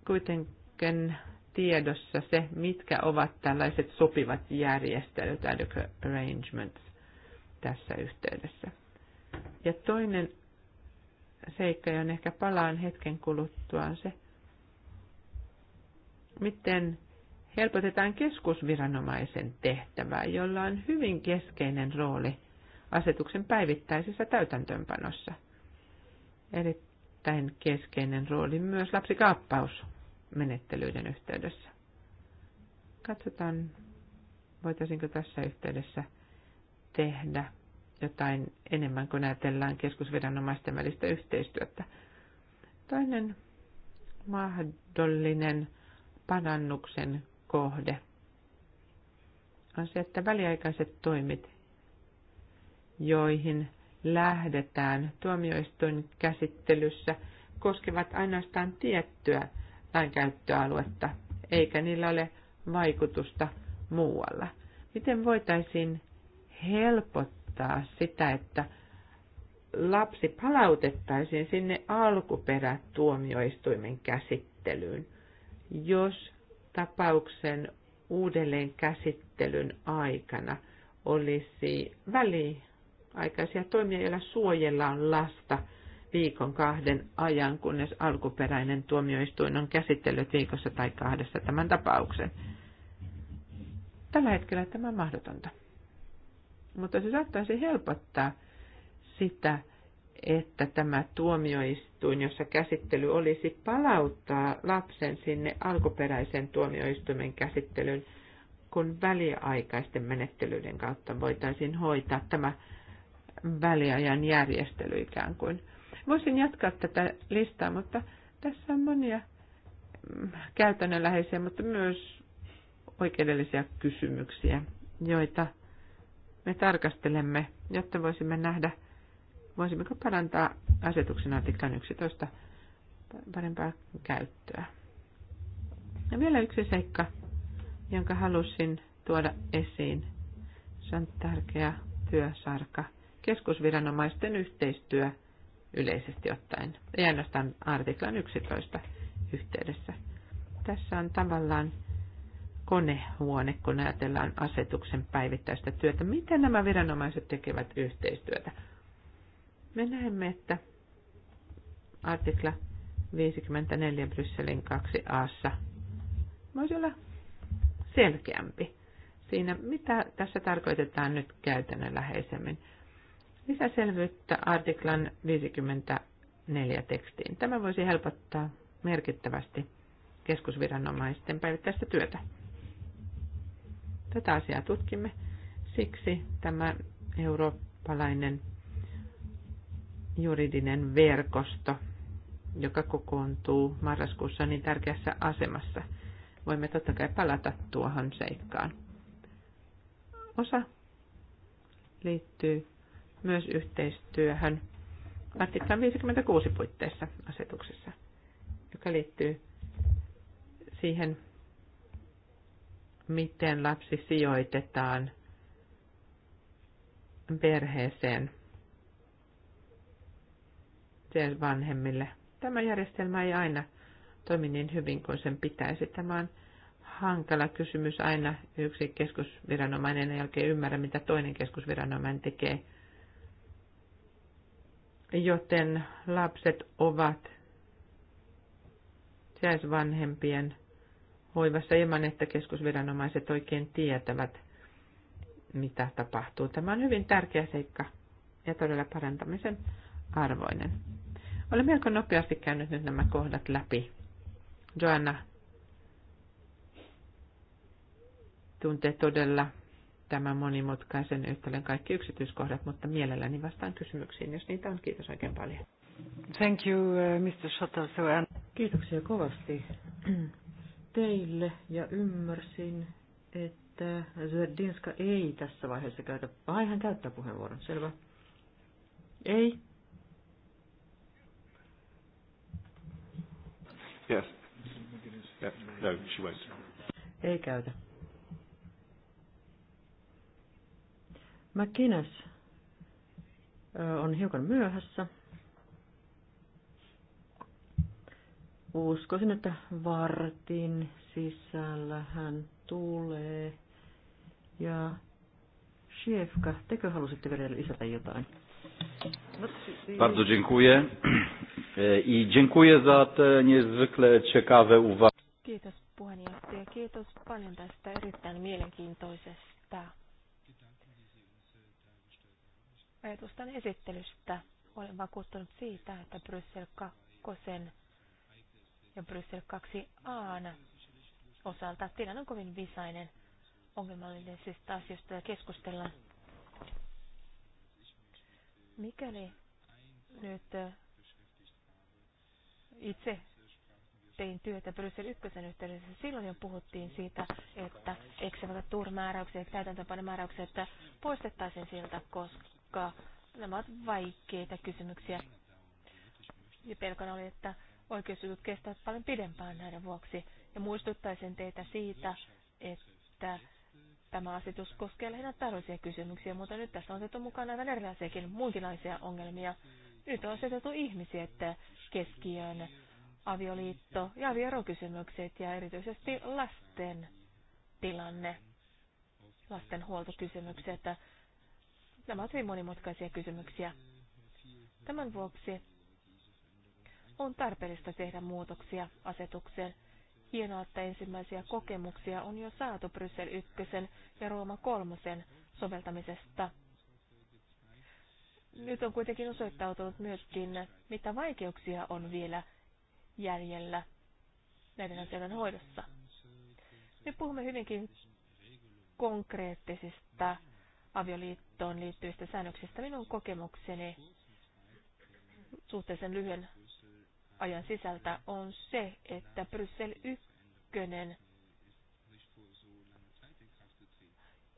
kuitenkin tiedossa se, mitkä ovat tällaiset sopivat järjestelyt, arrangements, tässä yhteydessä. Ja toinen seikka, johon ehkä palaan hetken kuluttua, on se, miten helpotetaan keskusviranomaisen tehtävää, jolla on hyvin keskeinen rooli asetuksen päivittäisessä täytäntöönpanossa. Erittäin keskeinen rooli myös lapsikaappausmenettelyiden yhteydessä. Katsotaan, voitaisiinko tässä yhteydessä tehdä jotain enemmän, kun ajatellaan keskusviranomaisten välistä yhteistyötä. Toinen mahdollinen parannuksen kohde on se, että väliaikaiset toimit, joihin lähdetään tuomioistuin käsittelyssä, koskevat ainoastaan tiettyä lainkäyttöaluetta, eikä niillä ole vaikutusta muualla. Miten voitaisiin helpottaa sitä, että lapsi palautettaisiin sinne alkuperätuomioistuimen käsittelyyn – jos tapauksen uudelleen käsittelyn aikana olisi väliaikaisia toimia, joilla suojellaan lasta viikon kahden ajan, kunnes alkuperäinen tuomioistuin on käsitellyt viikossa tai kahdessa tämän tapauksen. Tällä hetkellä tämä on mahdotonta. Mutta se saattaisi helpottaa sitä, että tämä tuomioistuin, jossa käsittely olisi palauttaa lapsen sinne alkuperäisen tuomioistuimen käsittelyyn, kun väliaikaisten menettelyiden kautta voitaisiin hoitaa tämä väliajan järjestely ikään kuin. Voisin jatkaa tätä listaa, mutta tässä on monia mm, käytännönläheisiä, mutta myös oikeudellisia kysymyksiä, joita me tarkastelemme, jotta voisimme nähdä, voisimmeko parantaa asetuksen artiklan 11 parempaa käyttöä. Ja vielä yksi seikka, jonka halusin tuoda esiin. Se on tärkeä työsarka. Keskusviranomaisten yhteistyö yleisesti ottaen, ei ainoastaan artiklan 11 yhteydessä. Tässä on tavallaan konehuone, kun ajatellaan asetuksen päivittäistä työtä. Miten nämä viranomaiset tekevät yhteistyötä? Me näemme, että artikla 54 Brysselin 2a voisi olla selkeämpi siinä, mitä tässä tarkoitetaan nyt käytännönläheisemmin. Lisäselvyyttä artiklan 54 tekstiin. Tämä voisi helpottaa merkittävästi keskusviranomaisten päivittäistä työtä. Tätä asiaa tutkimme. Siksi tämä eurooppalainen juridinen verkosto, joka kokoontuu marraskuussa niin tärkeässä asemassa. Voimme totta kai palata tuohon seikkaan. Osa liittyy myös yhteistyöhön artiklan 56 puitteissa asetuksessa, joka liittyy siihen, miten lapsi sijoitetaan perheeseen – sitten vanhemmille. Tämä järjestelmä ei aina toimi niin hyvin kuin sen pitäisi. Tämä on hankala kysymys aina. Yksi keskusviranomainen ei oikein ymmärrä, mitä toinen keskusviranomainen tekee. Joten lapset ovat sijaisvanhempien hoivassa ilman, että keskusviranomaiset oikein tietävät, mitä tapahtuu. Tämä on hyvin tärkeä seikka ja todella parantamisen arvoinen. Olen melko nopeasti käynyt nyt nämä kohdat läpi. Joanna tuntee todella tämän monimutkaisen yhtälön kaikki yksityiskohdat, mutta mielelläni vastaan kysymyksiin, jos niitä on. Kiitos oikein paljon. Thank you, uh, Mr. and... Um, Kiitoksia kovasti
teille ja ymmärsin, että Zerdinska ei tässä vaiheessa käytä, vai hän käyttää puheenvuoron, selvä. Ei, No, she won't. Ei käytä. McInnes on hiukan myöhässä. Uskoisin, että vartin sisällä hän tulee. Ja Siefka, tekö halusitte vielä lisätä jotain?
Bardzo dziękuję i dziękuję za te niezwykle ciekawe uwagi.
Kiitos puheenjohtaja. Kiitos paljon tästä erittäin mielenkiintoisesta ajatusten esittelystä. Olen vakuuttunut siitä, että Bryssel 2 ja Bryssel 2a osalta tilanne on kovin visainen ongelmallisista asioista ja keskustellaan. Mikäli nyt itse tein työtä Bryssel ykkösen yhteydessä, silloin jo puhuttiin siitä, että eksevätä turmääräyksiä täytäntöpanemääräyksiä, että poistettaisiin siltä, koska nämä ovat vaikeita kysymyksiä. Ja pelkona oli, että oikeusjutut kestävät paljon pidempään näiden vuoksi. Ja muistuttaisin teitä siitä, että tämä asetus koskee lähinnä taloudellisia kysymyksiä, mutta nyt tässä on otettu mukaan aivan erilaisiakin muinkinlaisia ongelmia. Nyt on asetettu ihmisiä että keskiöön avioliitto- ja avioerokysymykset ja erityisesti lasten tilanne, lasten huoltokysymykset. Nämä ovat hyvin monimutkaisia kysymyksiä. Tämän vuoksi on tarpeellista tehdä muutoksia asetukseen. Hienoa, että ensimmäisiä kokemuksia on jo saatu Bryssel 1 ja Rooma 3 soveltamisesta. Nyt on kuitenkin osoittautunut myöskin, mitä vaikeuksia on vielä järjellä näiden asioiden hoidossa. Me puhumme hyvinkin konkreettisista avioliittoon liittyvistä säännöksistä. Minun kokemukseni suhteellisen lyhyen ajan sisältä on se, että Bryssel 1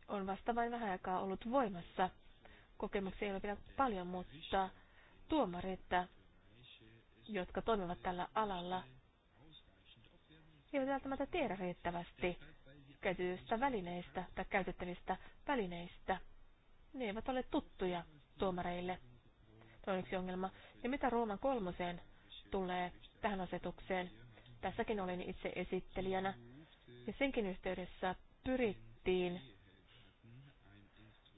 on vasta vain vähän aikaa ollut voimassa. Kokemuksia ei ole vielä paljon, mutta tuomarit jotka toimivat tällä alalla, eivät välttämättä tiedä riittävästi käytetyistä välineistä tai käytettävistä välineistä. Ne eivät ole tuttuja tuomareille. Tuo on yksi ongelma. Ja mitä Rooman kolmoseen tulee tähän asetukseen? Tässäkin olin itse esittelijänä. Ja senkin yhteydessä pyrittiin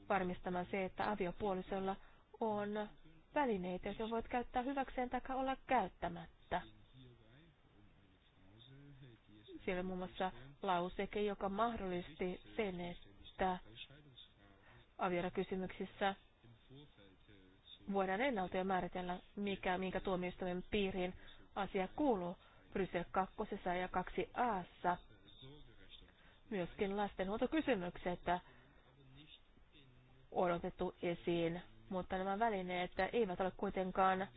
varmistamaan se, että aviopuolisolla on välineitä, joita voit käyttää hyväkseen tai olla käyttämättä. Siellä muun muassa lauseke, joka mahdollisti sen, että aviorakysymyksissä voidaan ennalta jo määritellä, mikä, minkä tuomioistuimen piiriin asia kuuluu. Bryssel 2 ja 2a myöskin lastenhuoltokysymykset odotettu esiin mutta nämä välineet eivät ole kuitenkaan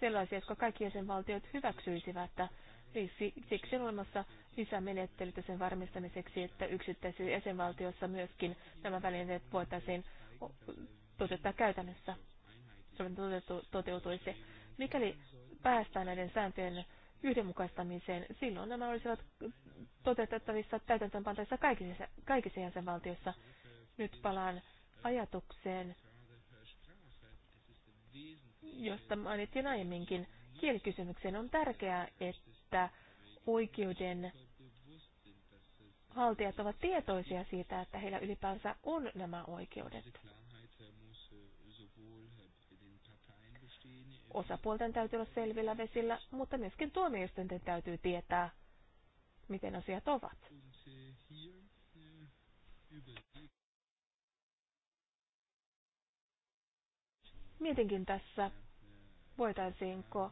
sellaisia, jotka kaikki jäsenvaltiot hyväksyisivät. Siksi on olemassa lisämenettelyt sen varmistamiseksi, että yksittäisessä jäsenvaltiossa myöskin nämä välineet voitaisiin toteuttaa käytännössä. Suomen toteutuisi. Mikäli päästään näiden sääntöjen yhdenmukaistamiseen, silloin nämä olisivat toteutettavissa täytäntöönpantaissa kaikissa, kaikissa jäsenvaltioissa. Nyt palaan ajatukseen, josta mainitsin aiemminkin. Kielikysymykseen on tärkeää, että oikeuden haltijat ovat tietoisia siitä, että heillä ylipäänsä on nämä oikeudet. Osapuolten täytyy olla selvillä vesillä, mutta myöskin tuomioistuinten täytyy tietää, miten asiat ovat. Mietinkin tässä, voitaisiinko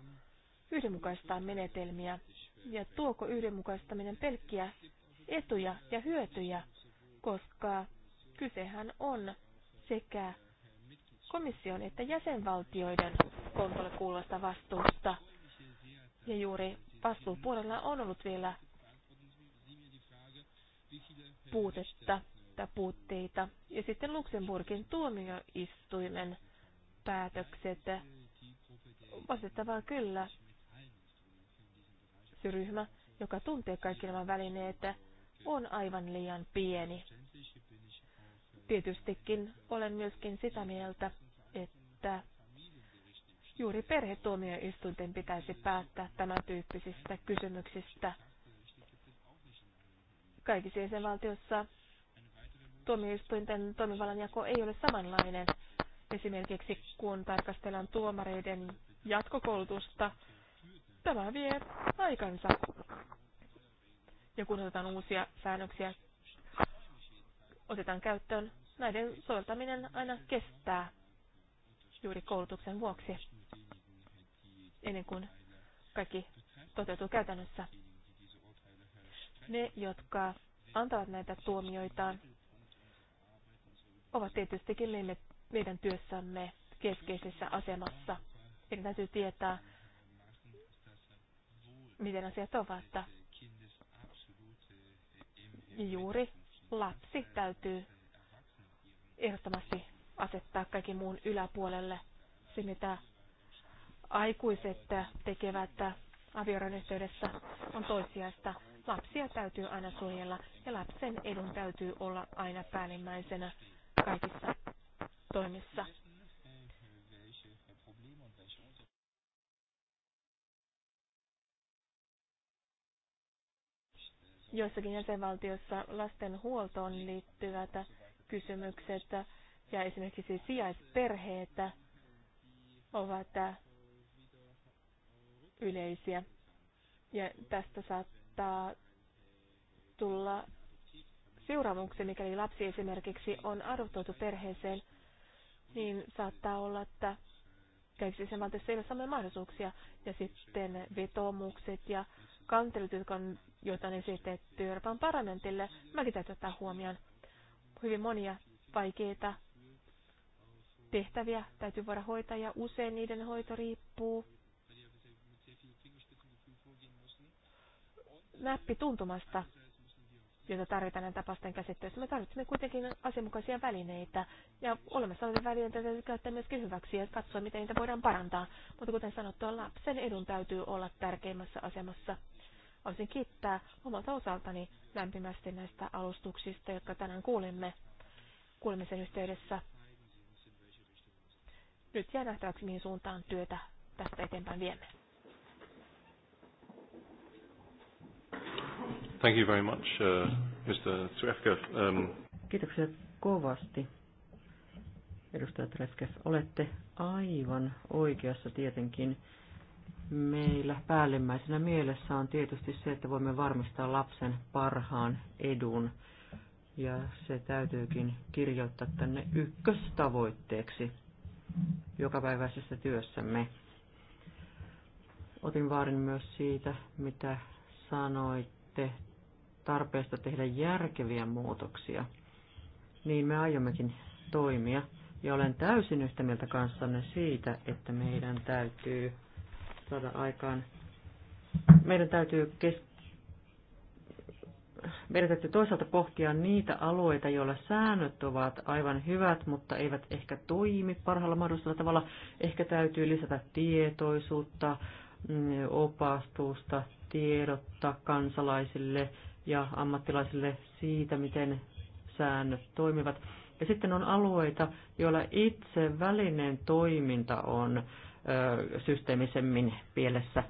yhdenmukaistaa menetelmiä ja tuoko yhdenmukaistaminen pelkkiä etuja ja hyötyjä, koska kysehän on sekä komission että jäsenvaltioiden kontolle kuuluvasta vastuusta. Ja juuri vastuupuolella on ollut vielä puutetta tai puutteita. Ja sitten Luxemburgin tuomioistuimen päätökset. Vastettavaa kyllä. Se ryhmä, joka tuntee kaikki nämä välineet, on aivan liian pieni. Tietystikin olen myöskin sitä mieltä, että juuri perhetuomioistuinten pitäisi päättää tämän tyyppisistä kysymyksistä. Kaikissa jäsenvaltiossa tuomioistuinten toimivallan jako ei ole samanlainen. Esimerkiksi kun tarkastellaan tuomareiden jatkokoulutusta, tämä vie aikansa. Ja kun otetaan uusia säännöksiä, otetaan käyttöön, näiden soveltaminen aina kestää juuri koulutuksen vuoksi, ennen kuin kaikki toteutuu käytännössä. Ne, jotka antavat näitä tuomioitaan, ovat tietystikin meille meidän työssämme keskeisessä asemassa. Meidän täytyy tietää, miten asiat ovat. Juuri lapsi täytyy ehdottomasti asettaa kaikki muun yläpuolelle. Se, mitä aikuiset tekevät avioron yhteydessä, on toisiaista. Lapsia täytyy aina suojella ja lapsen edun täytyy olla aina päällimmäisenä kaikissa toimissa. Joissakin jäsenvaltiossa lasten huoltoon liittyvät kysymykset ja esimerkiksi sijaisperheet ovat yleisiä. Ja tästä saattaa tulla seuraamuksia, mikäli lapsi esimerkiksi on adoptoitu perheeseen, niin saattaa olla, että kaikissa jäsenvaltioissa ei ole samoja mahdollisuuksia. Ja sitten vetomukset ja kantelut, jotka on, joita on esitetty Euroopan parlamentille, mäkin täytyy ottaa huomioon. Hyvin monia vaikeita tehtäviä täytyy voida hoitaa ja usein niiden hoito riippuu
näppituntumasta
joita tarvitaan tapausten käsittelyssä. Me tarvitsemme kuitenkin asianmukaisia välineitä ja olemassa olevia välineitä täytyy käyttää myöskin hyväksi ja katsoa, miten niitä voidaan parantaa. Mutta kuten sanottua, lapsen edun täytyy olla tärkeimmässä asemassa. Haluaisin kiittää omalta osaltani lämpimästi näistä alustuksista, jotka tänään kuulimme kuulemisen yhteydessä. Nyt jää nähtäväksi, mihin suuntaan työtä tästä eteenpäin viemme.
Thank you very much, uh, Mr. Um...
Kiitoksia
kovasti. Edustaja Trefke, olette aivan oikeassa tietenkin. Meillä päällimmäisenä mielessä on tietysti se, että voimme varmistaa lapsen parhaan edun. Ja se täytyykin kirjoittaa tänne ykköstavoitteeksi jokapäiväisessä työssämme. Otin vaarin myös siitä, mitä sanoitte tarpeesta tehdä järkeviä muutoksia, niin me aiommekin toimia. Ja olen täysin yhtä mieltä kanssanne siitä, että meidän täytyy saada aikaan, meidän täytyy kes, meidän täytyy toisaalta pohtia niitä alueita, joilla säännöt ovat aivan hyvät, mutta eivät ehkä toimi parhaalla mahdollisella tavalla. Ehkä täytyy lisätä tietoisuutta, mm, opastusta, tiedotta kansalaisille ja ammattilaisille siitä, miten säännöt toimivat. Ja sitten on alueita, joilla itse välinen toiminta on ö, systeemisemmin pielessä.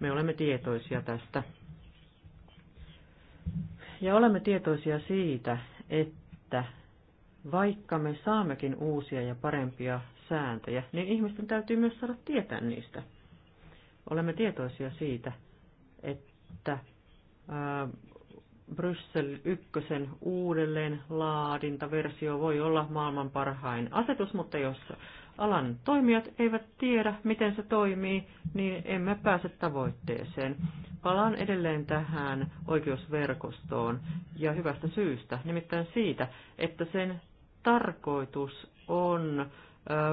Me olemme tietoisia tästä. Ja olemme tietoisia siitä, että vaikka me saammekin uusia ja parempia sääntöjä, niin ihmisten täytyy myös saada tietää niistä. Olemme tietoisia siitä, että Bryssel 1 uudelleen laadintaversio voi olla maailman parhain asetus, mutta jos alan toimijat eivät tiedä, miten se toimii, niin emme pääse tavoitteeseen. Palaan edelleen tähän oikeusverkostoon ja hyvästä syystä, nimittäin siitä, että sen tarkoitus on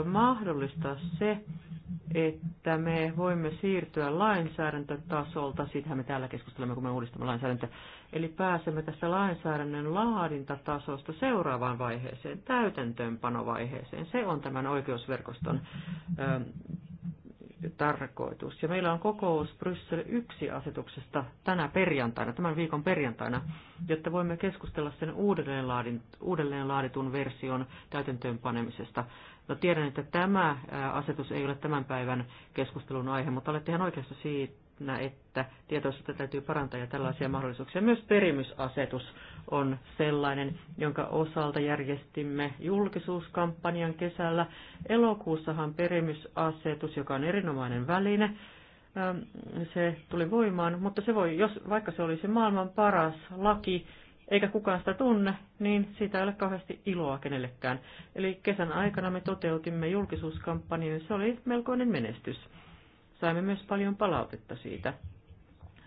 mahdollistaa se, että me voimme siirtyä lainsäädäntötasolta, siitähän me täällä keskustelemme, kun me uudistamme lainsäädäntöä, eli pääsemme tässä lainsäädännön laadintatasosta seuraavaan vaiheeseen, täytäntöönpanovaiheeseen. Se on tämän oikeusverkoston ö, tarkoitus. Ja meillä on kokous Bryssel 1 asetuksesta tänä perjantaina, tämän viikon perjantaina, jotta voimme keskustella sen uudelleen, laaditun version täytäntöönpanemisesta. No tiedän, että tämä asetus ei ole tämän päivän keskustelun aihe, mutta olette ihan oikeassa siinä, että tietoisuutta täytyy parantaa ja tällaisia mm-hmm. mahdollisuuksia. Myös perimysasetus on sellainen, jonka osalta järjestimme julkisuuskampanjan kesällä. Elokuussahan perimysasetus, joka on erinomainen väline, se tuli voimaan, mutta se voi, jos, vaikka se olisi maailman paras laki, eikä kukaan sitä tunne, niin siitä ei ole kauheasti iloa kenellekään. Eli kesän aikana me toteutimme julkisuuskampanjan, se oli melkoinen menestys. Saimme myös paljon palautetta siitä.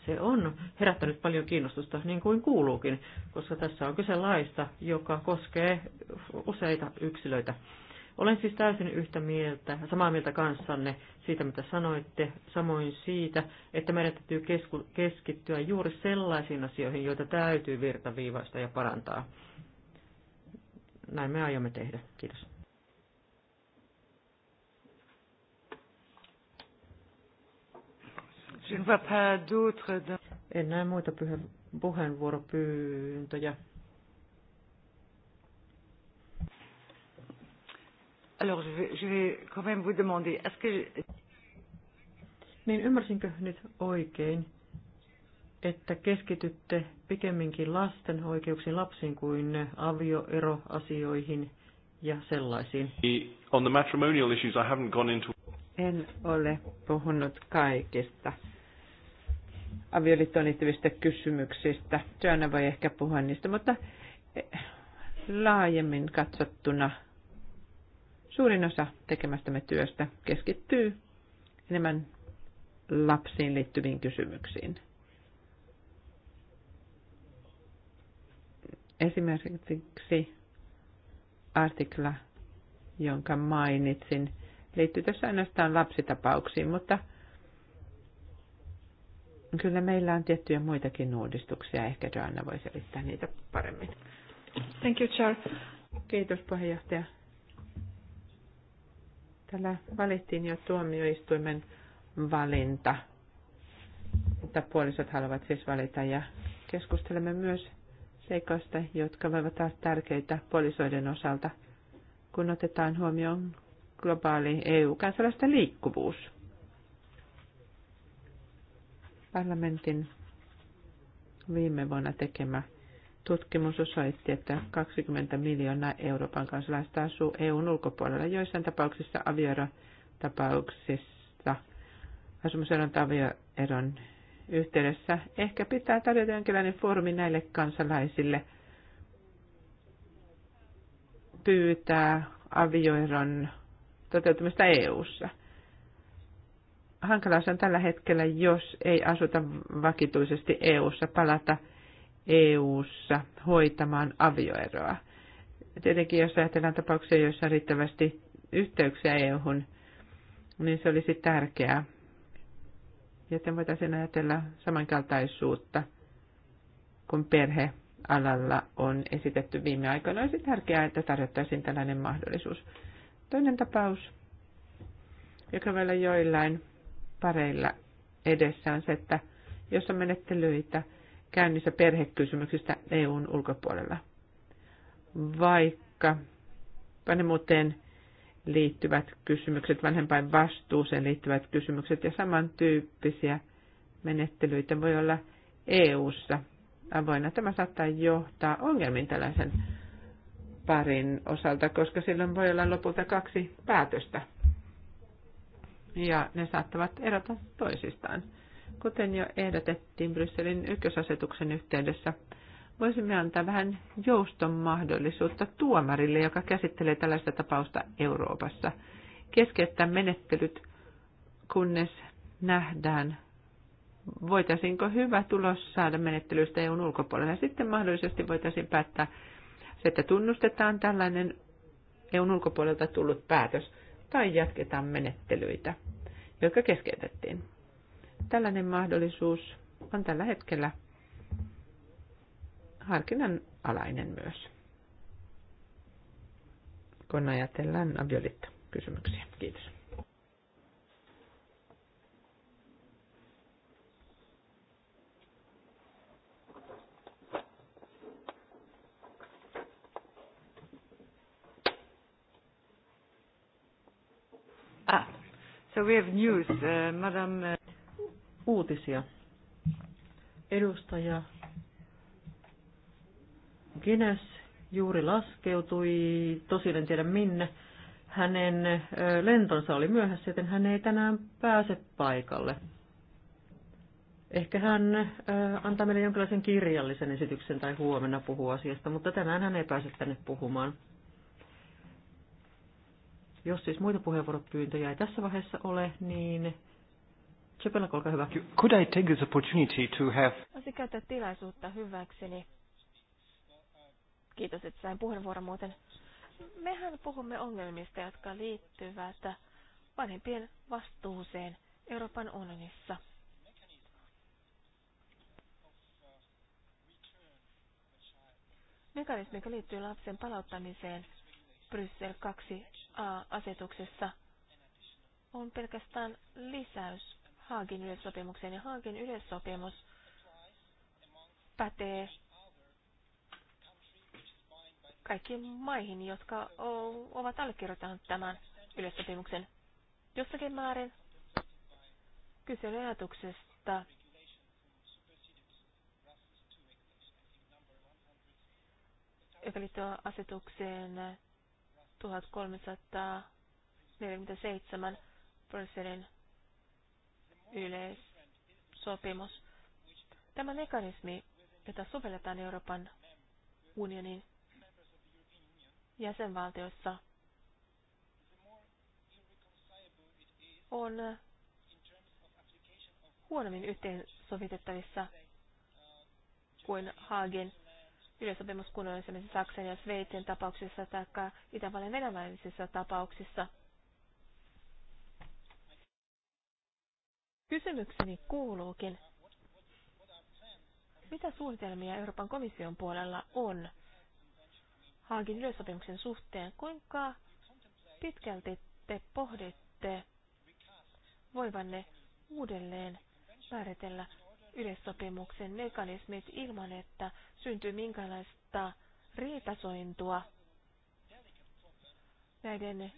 Se on herättänyt paljon kiinnostusta, niin kuin kuuluukin, koska tässä on kyse laista, joka koskee useita yksilöitä. Olen siis täysin yhtä mieltä, samaa mieltä kanssanne siitä, mitä sanoitte, samoin siitä, että meidän täytyy kesku, keskittyä juuri sellaisiin asioihin, joita täytyy virtaviivaista ja parantaa. Näin me aiomme tehdä. Kiitos. En näe muita puheenvuoropyyntöjä. Alors, je vais, je vais quand même vous demander, est-ce que... Niin ymmärsinkö nyt oikein, että keskitytte pikemminkin lasten oikeuksiin lapsiin kuin avioeroasioihin
ja sellaisiin?
On the matrimonial issues I haven't gone into...
En ole puhunut kaikista avioliittoon liittyvistä kysymyksistä. Työna voi ehkä puhua niistä, mutta eh, laajemmin katsottuna – Suurin osa tekemästämme työstä keskittyy enemmän lapsiin liittyviin kysymyksiin. Esimerkiksi artikla, jonka mainitsin, liittyy tässä ainoastaan lapsitapauksiin, mutta kyllä meillä on tiettyjä muitakin uudistuksia. Ehkä Joanna voi selittää niitä paremmin. Thank you, Char. Kiitos puheenjohtaja. Täällä valittiin jo tuomioistuimen valinta, että puolisot haluavat siis valita ja keskustelemme myös seikoista, jotka voivat olla tärkeitä puolisoiden osalta, kun otetaan huomioon globaali EU-kansalaisten liikkuvuus. Parlamentin viime vuonna tekemä tutkimus osoitti, että 20 miljoonaa Euroopan kansalaista asuu EUn ulkopuolella. Joissain tapauksissa avioerotapauksissa asumuseron avioeron yhteydessä ehkä pitää tarjota jonkinlainen foorumi näille kansalaisille pyytää avioeron toteutumista EU:ssa. Hankalaa on tällä hetkellä, jos ei asuta vakituisesti EU:ssa palata – EU-ssa hoitamaan avioeroa. Tietenkin jos ajatellaan tapauksia, joissa on riittävästi yhteyksiä eu niin se olisi tärkeää. Joten voitaisiin ajatella samankaltaisuutta, kun perhealalla on esitetty viime aikoina. Olisi tärkeää, että tarjottaisiin tällainen mahdollisuus. Toinen tapaus, joka vielä joillain pareilla edessä on se, että jos on menettelyitä, käynnissä perhekysymyksistä EUn ulkopuolella, vaikka vanhemmuuteen liittyvät kysymykset, vanhempain vastuuseen liittyvät kysymykset ja samantyyppisiä menettelyitä voi olla EU:ssa avoinna. Tämä saattaa johtaa ongelmiin tällaisen parin osalta, koska silloin voi olla lopulta kaksi päätöstä. Ja ne saattavat erota toisistaan. Kuten jo ehdotettiin Brysselin ykkösasetuksen yhteydessä, voisimme antaa vähän jouston mahdollisuutta tuomarille, joka käsittelee tällaista tapausta Euroopassa. Keskeyttää menettelyt, kunnes nähdään, voitaisiinko hyvä tulos saada menettelystä EUn ulkopuolella. Sitten mahdollisesti voitaisiin päättää se, että tunnustetaan tällainen EUn ulkopuolelta tullut päätös tai jatketaan menettelyitä, jotka keskeytettiin. Tällainen mahdollisuus on tällä hetkellä harkinnan alainen myös, kun ajatellaan avioliittokysymyksiä. Kiitos.
Ah, so we have news, uh, Madam. Uh, uutisia. Edustaja Gines juuri laskeutui, tosin en tiedä minne. Hänen lentonsa oli myöhässä, joten hän ei tänään pääse paikalle. Ehkä hän antaa meille jonkinlaisen kirjallisen esityksen tai huomenna puhuu asiasta, mutta tänään hän ei pääse tänne puhumaan. Jos siis muita puheenvuoropyyntöjä ei tässä vaiheessa
ole, niin
Sepelak, olkaa hyvä.
Could I take this opportunity to have...
Voisin käyttää tilaisuutta hyväkseni. Kiitos, että sain puheenvuoron muuten. Mehän puhumme ongelmista, jotka liittyvät vanhempien vastuuseen Euroopan unionissa. Mekanismi, joka liittyy lapsen palauttamiseen Bryssel 2a-asetuksessa, on pelkästään lisäys Haagin yleissopimukseen. Ja Haagin yleissopimus pätee kaikkiin maihin, jotka ovat allekirjoittaneet tämän yleissopimuksen jossakin määrin. kysely ajatuksesta, joka liittyy asetukseen 1347 Brysselin yleissopimus. Tämä mekanismi, jota sovelletaan Euroopan unionin jäsenvaltioissa, on huonommin yhteensovitettavissa kuin Haagin yleisopimuskunnallisemmissa Saksan ja Sveitsin tapauksissa tai Itävallan venäläisissä tapauksissa – Kysymykseni kuuluukin, mitä suunnitelmia Euroopan komission puolella on Haagin yleissopimuksen suhteen? Kuinka pitkälti te pohditte voivanne uudelleen määritellä yleissopimuksen mekanismit ilman, että syntyy minkälaista riitasointua näiden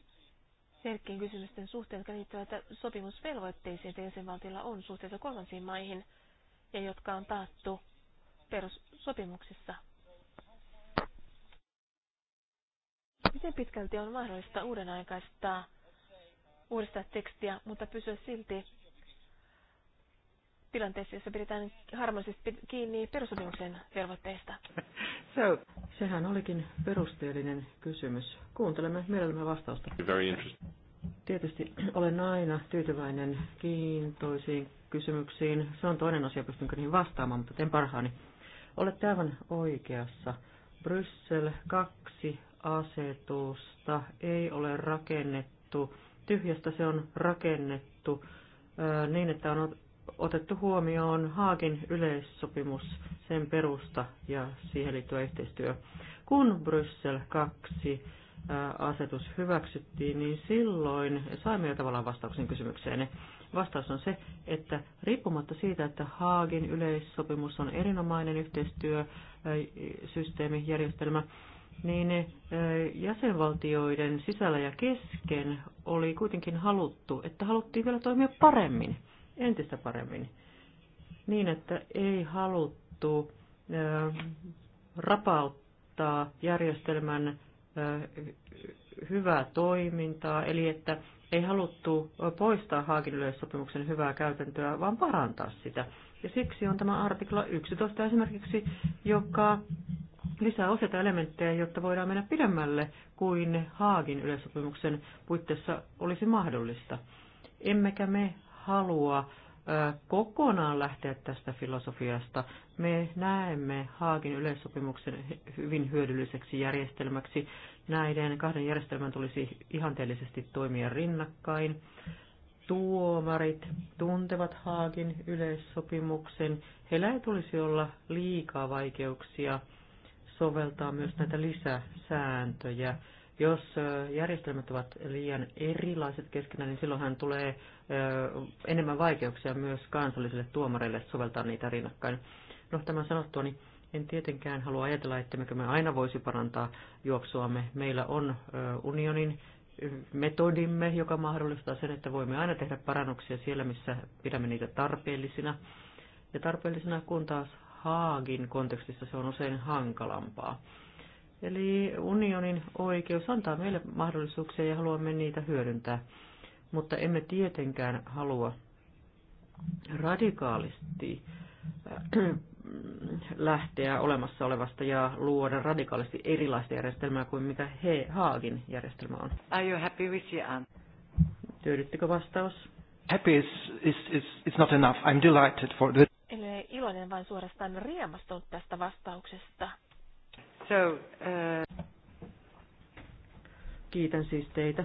herkkien kysymysten suhteen, jotka liittyvät sopimusvelvoitteisiin, että jäsenvaltiolla on suhteessa kolmansiin maihin ja jotka on taattu perussopimuksissa. Miten pitkälti on mahdollista uuden aikaistaa uudistaa tekstiä, mutta pysyä silti tilanteessa, jossa pidetään harmonisesti kiinni perusopimuksen velvoitteista?
So. Sehän olikin perusteellinen kysymys. Kuuntelemme mielellämme vastausta. Very Tietysti olen aina tyytyväinen kiintoisiin kysymyksiin. Se on toinen asia, pystynkö niihin vastaamaan, mutta teen parhaani. Olet aivan oikeassa. Bryssel 2 asetusta ei ole rakennettu tyhjästä, se on rakennettu niin, että on otettu huomioon Haakin yleissopimus, sen perusta ja siihen liittyvä yhteistyö. Kun Bryssel 2 asetus hyväksyttiin, niin silloin saimme jo tavallaan vastauksen kysymykseen. Vastaus on se, että riippumatta siitä, että Haagin yleissopimus on erinomainen yhteistyösysteemi, järjestelmä, niin jäsenvaltioiden sisällä ja kesken oli kuitenkin haluttu, että haluttiin vielä toimia paremmin entistä paremmin. Niin, että ei haluttu rapauttaa järjestelmän hyvää toimintaa, eli että ei haluttu poistaa Haagin yleissopimuksen hyvää käytäntöä, vaan parantaa sitä. Ja siksi on tämä artikla 11 esimerkiksi, joka lisää useita elementtejä, jotta voidaan mennä pidemmälle kuin Haagin yleissopimuksen puitteissa olisi mahdollista. Emmekä me halua kokonaan lähteä tästä filosofiasta. Me näemme Haagin yleissopimuksen hyvin hyödylliseksi järjestelmäksi. Näiden kahden järjestelmän tulisi ihanteellisesti toimia rinnakkain. Tuomarit tuntevat Haagin yleissopimuksen. Heillä ei tulisi olla liikaa vaikeuksia soveltaa myös näitä lisäsääntöjä jos järjestelmät ovat liian erilaiset keskenään, niin silloinhan tulee enemmän vaikeuksia myös kansallisille tuomareille soveltaa niitä rinnakkain. No tämän sanottua, niin en tietenkään halua ajatella, että me aina voisi parantaa juoksuamme. Meillä on unionin metodimme, joka mahdollistaa sen, että voimme aina tehdä parannuksia siellä, missä pidämme niitä tarpeellisina. Ja tarpeellisena kun taas Haagin kontekstissa se on usein hankalampaa. Eli unionin oikeus antaa meille mahdollisuuksia ja haluamme niitä hyödyntää, mutta emme tietenkään halua radikaalisti äh, lähteä olemassa olevasta ja luoda radikaalisti erilaista järjestelmää kuin mikä he, Haagin järjestelmä on.
Are you happy with your answer?
Tyydyttikö vastaus?
Happy is, is, is, it's not enough. I'm delighted for the...
Eli iloinen vain suorastaan riemastunut tästä vastauksesta. So, uh...
Kiitän siis teitä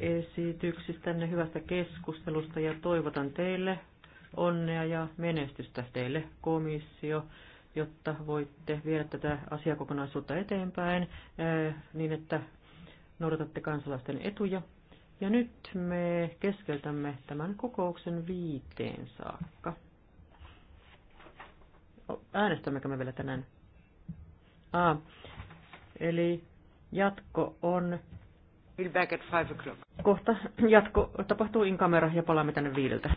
esityksistänne, hyvästä keskustelusta ja toivotan teille onnea ja menestystä teille komissio, jotta voitte viedä tätä asiakokonaisuutta eteenpäin eh, niin, että noudatatte kansalaisten etuja. Ja nyt me keskeltämme tämän kokouksen viiteen saakka. Äänestämmekö me vielä tänään? Ah, eli jatko on... We'll back at five o'clock. Kohta jatko tapahtuu in kamera ja palaamme tänne viideltä.